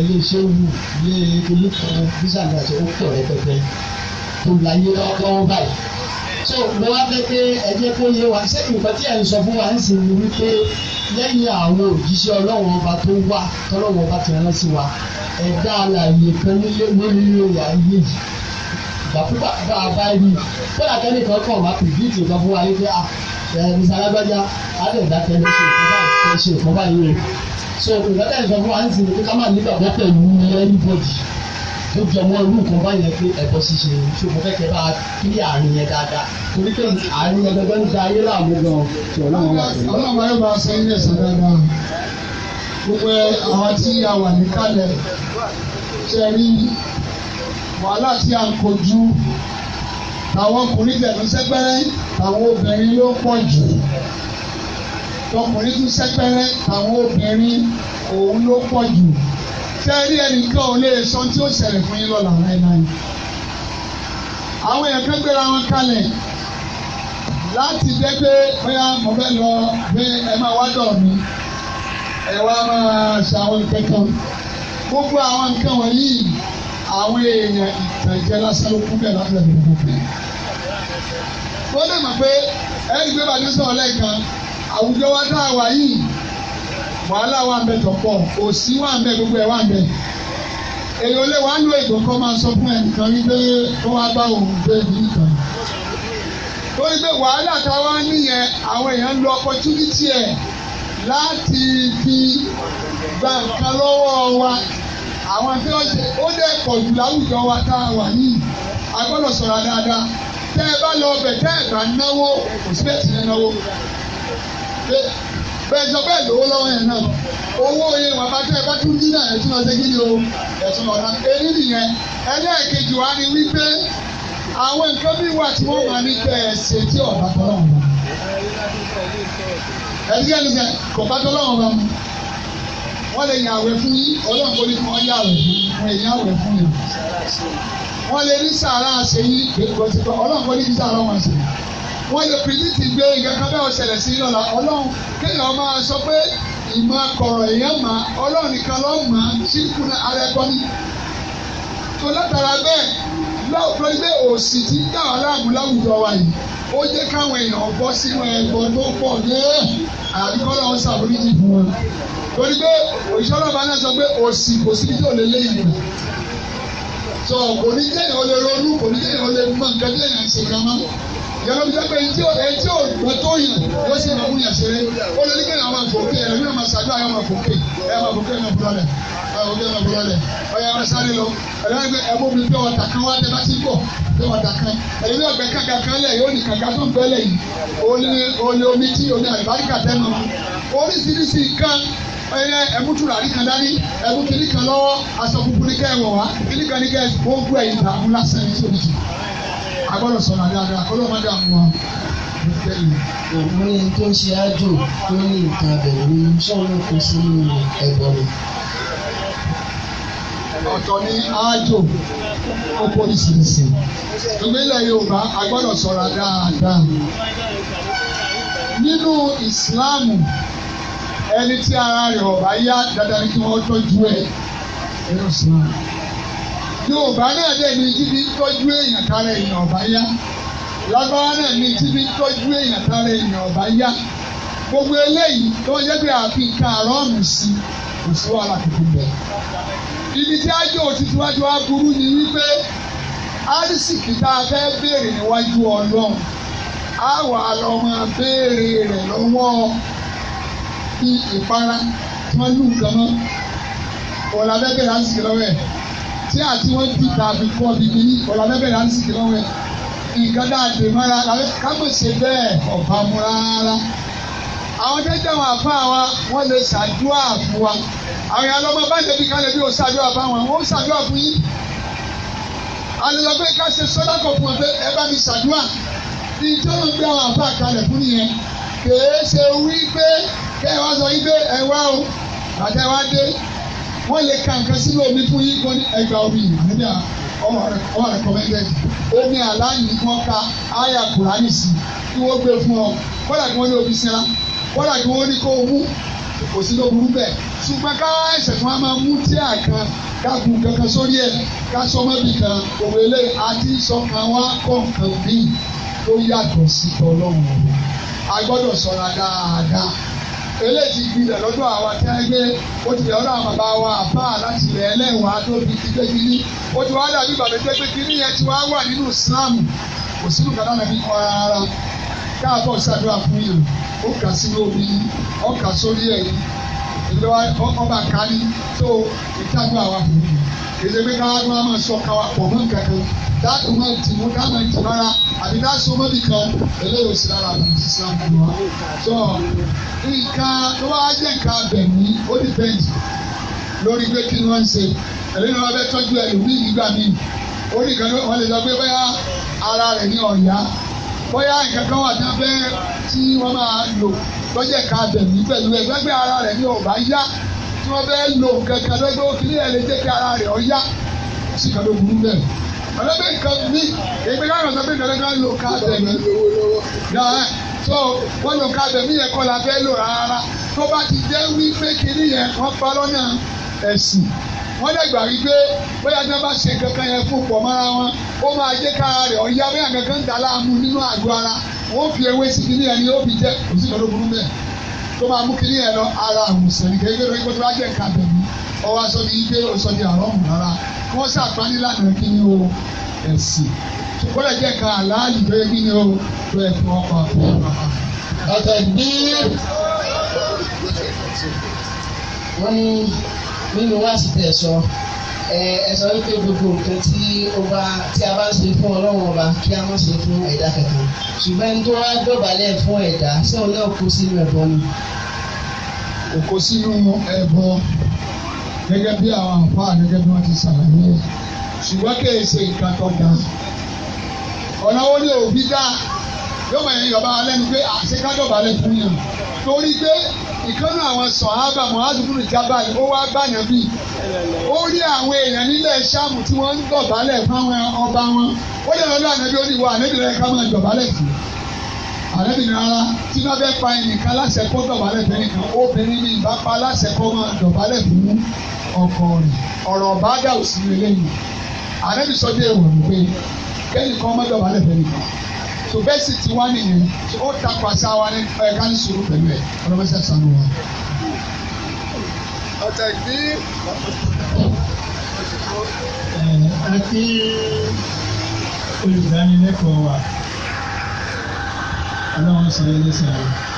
iléeṣẹ́ wù ilé olùkọ́ bísà náà ṣe ó pọ̀ rẹpẹtẹ tó láyé lọ́wọ́ báyìí so mo wá fẹ́ pé ẹ jẹ́ kó yé wa ṣé nǹkan tí ẹ̀ ń sọ fún wa ń sìn ní wípé lẹ́yìn àwọn òjíṣẹ́ ọlọ́run ọba tó wà tọ́lọ́run ọba ti rán sí wa ẹ̀dá alàyè kan nílé lórí ayé yìí ìgbà fún bá a bá rí i kódà kẹ́ni kan kàn wá pìdíìtì kan fún wa yìí pé ẹ misalagbájá alẹ́dá tẹ́lẹ̀ ṣe ìkan báyìí ṣe ìkan báyìí rẹ̀ so ìgbàdá ìkan fún wa ń sinmi pé ká má nígbàgbọ́ pẹ̀lú everybody tó jẹ mọ́ irú nǹkan báyẹn pé ẹ̀bọ ṣíṣe ṣé mo fẹ́ kẹ́ bá kílí àárín yẹn dáadáa torí pé àárín yẹn gbẹgbẹ́ ń da ayé láàmú gan ọlọ́run a wà níkàlẹ̀ wàhálà tí a kojú àwọn ọkùnrin tẹ̀lú sẹ́pẹ́rẹ́ àwọn obìnrin ló pọ̀ jù tọkùnrin tún sẹ́pẹ́rẹ́ àwọn obìnrin òun ló pọ̀ jù tẹ́rí ẹnìkan ò lè sọ tí ó ṣẹlẹ̀ fún yín lọ́la láìláì àwọn èèyàn kan gbéra wọn kalẹ̀ láti jẹ́ bóyá mo fẹ́ lọ pé ẹ máa wá dọ̀ mi ẹ wá máa ṣàwọn nǹkan gbogbo àwọn nǹkan wọ̀nyí àwọn èèyàn ìtànjẹ lásán ló kún bẹ́ẹ̀ lábẹ́ gbogbo bẹ́ẹ̀. wọ́n lè mọ̀ pé ẹni gbé bàtí sọ̀rọ̀ lẹ́ẹ̀kan àwùjọ wa dá àwa yìí wàhálà wà mẹ́ tọ̀pọ̀ òsì wà mẹ́ gbogbo ẹ̀ wà mẹ́. èyí ò lè wá lo ètò kọ́ máa sọ fún ẹnìkan wípé kó wá bá òun gbé nìkan. torí pé wàhálà táwa nìyẹn àwọn èèyàn ń lo opportunity ẹ̀ láti fi gbà nǹkan lọ́wọ́ wa àwọn tí wọ́n ṣe ó dẹ̀ pọ̀ jù láwùjọ wa tá a wà yìí a gbọ́dọ̀ sọ̀rọ̀ dáadáa tẹ́ ẹ bá lọ ọbẹ̀ tẹ́ ẹ bá náwó kò sí bẹ́ẹ̀ sí ẹ náwó bẹ́ẹ̀ sọ bẹ́ẹ̀ lówó lọ́wọ́ yẹn náà owó yẹn wà bá tẹ́ ẹ bá tún ní náà ẹ̀ tún lọ sí kí o ẹ̀ tún lọ rà èyí nìyẹn ẹlẹ́ẹ̀kejì wa ni wípé àwọn nǹkan bí wà tí wọ́n máa ní kẹ́ ẹ ṣe tí ọ̀bá tọ́lọ́wọ́n wọ́n lè yàn àwẹ̀ fún yín ọlọ́run kò ní kí wọ́n yà àwẹ̀ fún wọn èyàn àwẹ̀ fún yín. wọ́n lè ní sàrà àṣẹ yín gbẹ̀gbọ̀sìkọ̀ ọlọ́run kò ní kí sàrà wọn ṣe. wọ́n lè pìlítì gbé nǹkan kan bẹ́ẹ̀ ọ̀ṣẹ̀lẹ̀ sí lọ́la ọlọ́run kéèyàn máa sọ pé ìmọ̀ kọ̀rọ̀ èèyàn máa ọlọ́run nìkan lọ́ọ́ máa ṣírkù tó látara bẹ́ẹ̀ lọ́ọ̀tọ́ ilé òsì tí ń dà wá láàmú láwùjọ wa yìí ó jẹ́ káwọn èèyàn bọ́ sínú ẹgbọ́ tó pọ̀ ní àbíkọ́ náà ń ṣàforíjì fún wọn. torí pé òṣìṣẹ́ ọlọ́pàá náà sọ pé òsì kò síbi tí ò lè lé ìlú tó kò ní jẹ́ ìyàwó lè ronú kò ní jẹ́ ìyàwó lè mọ nǹkan tí èèyàn ń ṣe gan mọ́ yàrá mi dábẹ́ ẹni tí ò ẹni tí ò gbọ́ tó yàn yóò sì máa mú yàn ṣeré ó lè ní kí èèyàn máa fòkè ẹ̀rọ mi máa ṣàdúrà yóò máa fòkè ẹ̀ máa fòkè ẹ̀ máa fòkè ẹ̀ máa fòkè ọ̀yà máa sáré lọ ẹ̀rọ ẹ̀mú mi pé ọ̀tà kan wá dé bá ti bọ̀ pé ọ̀tà kan ẹ̀yìn náà gbẹ kàkà kan lẹ̀ yóò ní kàkà tó ń bẹ́lẹ̀ yìí ó ní omi tí omi àlùbáríkà tẹ́nu oríṣiríṣi nǹkan ẹyẹ ẹmútu rari kan dání ẹmú kiri kan lọ́wọ́ aṣọ funfun ní kẹ́ ẹ wọ̀ wá kiri kan ní kẹ́ ẹ wọ́n gbé ẹ̀yìn tà mú lásán ní tó jù agbọ́dọ̀ sọ̀rọ̀ àdé àdé àkọ́lọ́ má dà mú wa. Àwọn ẹni tó ń ṣe ájò tó ní nǹkan abẹ̀wò ni sọ́ọ̀nù kò sí nínú ẹ̀bọ̀ rẹ̀. Ọ̀tọ̀ ni ájò ó pọ̀ nísinsìnyí. Ìgbélé Yorùbá agbọ́dọ̀ sọ̀rọ̀ dáadáa. Nínú Ìsìláàmù. ẹni tí ara rẹ̀ ọba yá dada ni kí wọ́n tọ́jú ẹ̀ nínú Islam. Yorùbá náà dẹ̀ ní jíjí tọ́jú èèyàn kára èèyàn ọ̀bá yá lágbára náà ní jíjí tọ́jú èèyàn kára èèyàn ọ̀bá yá ibi tí wájú wa burú ni wípé tá a fẹ́ fi ìpara tí wọ́n lù nǹkan mọ́ ọ̀la bẹ́bẹ̀ là ń sìnkì lọ́wọ́ ẹ̀ tí àti wọ́n ti ta àbí kọ́ bìbí ní ọ̀la bẹ́bẹ̀ là ń sìnkì lọ́wọ́ ẹ̀ nǹkan dáadé mọ́ra kámọ̀ṣe bẹ́ẹ̀ ọ̀bá mu rárá àwọn jẹjẹ wọn àfa wa wọn lè ṣàdúrà fún wa àwọn yàrá lọmọ bá lẹbi ká lẹbi ò ṣàdúrà fún àwọn wọn ò ṣàdúrà fún yín alẹ́lọ́gbẹ́ ká ṣe sọ́dọ̀ kọ̀ fún ọ pé ẹ bá mi ṣàdúrà ìjọba gbé àwọn àfa kalẹ̀ fún yẹn kèé ṣe wípé kẹ́ ẹ wá sọ wípé ẹ wá o àti ẹ wá dé wọ́n lè ka nǹkan sínú omi fún yín kó ẹgbàá omi yìí níbi ọmọ rẹ ọmọ rẹ kọ́mẹ́ndẹ́ẹ̀dì omi àlàyé wọn ka àyà kùránì sí kí wọ́n gbé fún ọ kọ́dà kí wọ́n ní omi sinra kọ́dà kí wọ́n ní kó o mú kò sí ló burú bẹ́ẹ̀ ṣùgbọ́n ká ẹsẹ̀ fún wa máa mú tíà kan ká gun kankan sórí ẹ̀ ká sọmọ́bì kan òwe lé àti sọkàn wa kọ̀ọ̀kan bíi tó yàtọ̀ sí tọ́lọ́run ọ̀rọ̀. agbọdọ sọrọ dáadáa eléyìí ti gbilẹ̀ lọ́dọ̀ àwa tí a gbé ó ti lọ́dọ̀ àwọn bàbá wa àbá láti rẹ ẹlẹ́wà tó ti gbé kiri ó ti wá dàbí ìbàdàn tó gbé kiri yẹn ti wá wà nínú Ìsìlámù kò sínú kàdá nàbí kọ́ ara káàbọ̀ ṣàdúrà fún yìí ó kà sínú omi ó kà sórí ẹ̀yìn kéde pé káwá tó wá máa sọ káwá pọ̀ mọ́ nǹkan kan dáàtò máa tì mú ká máa tì rárá àbí dáàtò sọ mọ́ nìkan eléyìí ò sí rárá àbí ti sá fún wa. tó nǹkan tó wá jẹ́ nǹkan abẹ̀mí ó dìpẹ́ǹdì lórí pé kí ni wọ́n ń ṣe ẹlẹ́nu wọn bẹ tọ́jú ẹlòmíì nígbà míì ó ní kan wọ́n lè sọ pé bóyá ara rẹ̀ ní ọ̀yá bóyá nǹkan kan wà tán bẹ́ẹ̀ tí wọ́n máa lò lọ́jẹ̀ ká abẹ̀mí pẹ̀lú ẹgbẹ́gbẹ́ ara rẹ̀ ní ọ̀bá yá tí wọ́n fẹ́ lo nǹkan kan lọ́gbẹ́ òfin ní ẹ̀lẹ́ jẹ́ kí ara rẹ̀ ọ yá sí kan ló burú bẹ́ẹ̀. ọ̀lẹ́bẹ̀ nǹkan mi èmi káyọ̀ sọ pé nǹkan kan lo káàdì ẹ̀mí náà so wọ́n lo káàdì ẹ̀mí yẹn kọ́ la fẹ́ lò rárá tó bá ti jẹ́ wípé kinní yẹn wọ́n pa lọ́nà ẹ̀sìn wọ́n lè wípé bóyá tí wọ́n bá ṣe kankan yẹn fún pọ̀ mọ́ra wọn ó máa jẹ́ kára rẹ̀ ó bóyá kankan dà láàmú nínú àgọ́ ara wọ́n fi ewé sí kinní yẹn ni ó fi jẹ́ òsì kan ló burú bẹ́ẹ̀ tó máa mú kiri yẹn lọ ara àwùsàn ní kékeré lórí kótó ajẹ́ nǹkan àbẹ̀mí ọwọ́ aṣọ ní ibẹ̀ ọ̀sọ́ di àrọ́ mù rárá kí wọ́n ṣàpáni lánàá kí ni o ẹ̀sìn ṣùgbọ́n ẹ̀jẹ̀ kan àlàálì tó yẹ kí ni o tó ẹ̀ fún ọkọ̀ àtẹ̀gbẹ́. wọ́n ẹ sọ wípé gbogbo nǹkan tí ó bá tí a bá ń ṣe fún ọlọ́run ọba kí a má ṣe fún ẹ̀dá kankan ṣùgbọ́n ẹni tó wá dọ̀bálẹ̀ fún ẹ̀dá ṣé òun náà kó sínú ẹ̀bọ ni. kò kó sínú ẹ̀bọ gẹ́gẹ́ bí àwọn àǹfààní gẹ́gẹ́ bí wọ́n ti ṣàlàyé ṣùgbọ́n kì í ṣe nǹkan tó ọ̀nà wo ni òbí dá yóò mọ ẹ̀yìn ọba alẹ́ nu pé àṣẹ kádọ̀bà lẹ fún yàn torí pé ìkànnì àwọn sọ̀hábà Mu'adh ibn Jabal yìí ó wá bàyàn bí ó rí àwọn èèyàn nílẹ̀ Ṣáàmù tí wọ́n ń dọ̀bálẹ̀ fáwọn ọba wọn ó lè lọ́dọ̀ ànábi oníwà ànábi rẹ̀ ká máa dọ̀bálẹ̀ fún ànábi rárá tí wọ́n bẹ́ pa ẹnìkan láṣẹ kó dọ̀bálẹ̀ fún ẹnìkan obìnrin ní ìbá pa láṣẹ kó máa dọ̀bálẹ̀ fún ọkọ rẹ̀ ọ̀rọ̀ ọ̀bá dà òsì lélẹ́yìn ànábi sọ bí ẹ̀wọ̀n pé kẹ́nìkan má dọ̀bálẹ̀ fún ẹnìkan so bẹ́sì ti wá nìyẹn so ó ta pàṣẹ wa ní ẹ̀ka ní sòrò pẹ̀lú ẹ̀ ọlọ́mọṣẹ́ sanu wa. ọ̀tẹ̀ ní. àti olùdánilẹ́kọ̀ọ́ wa ọlọ́run ṣe é lẹ́sẹ̀ rẹ̀.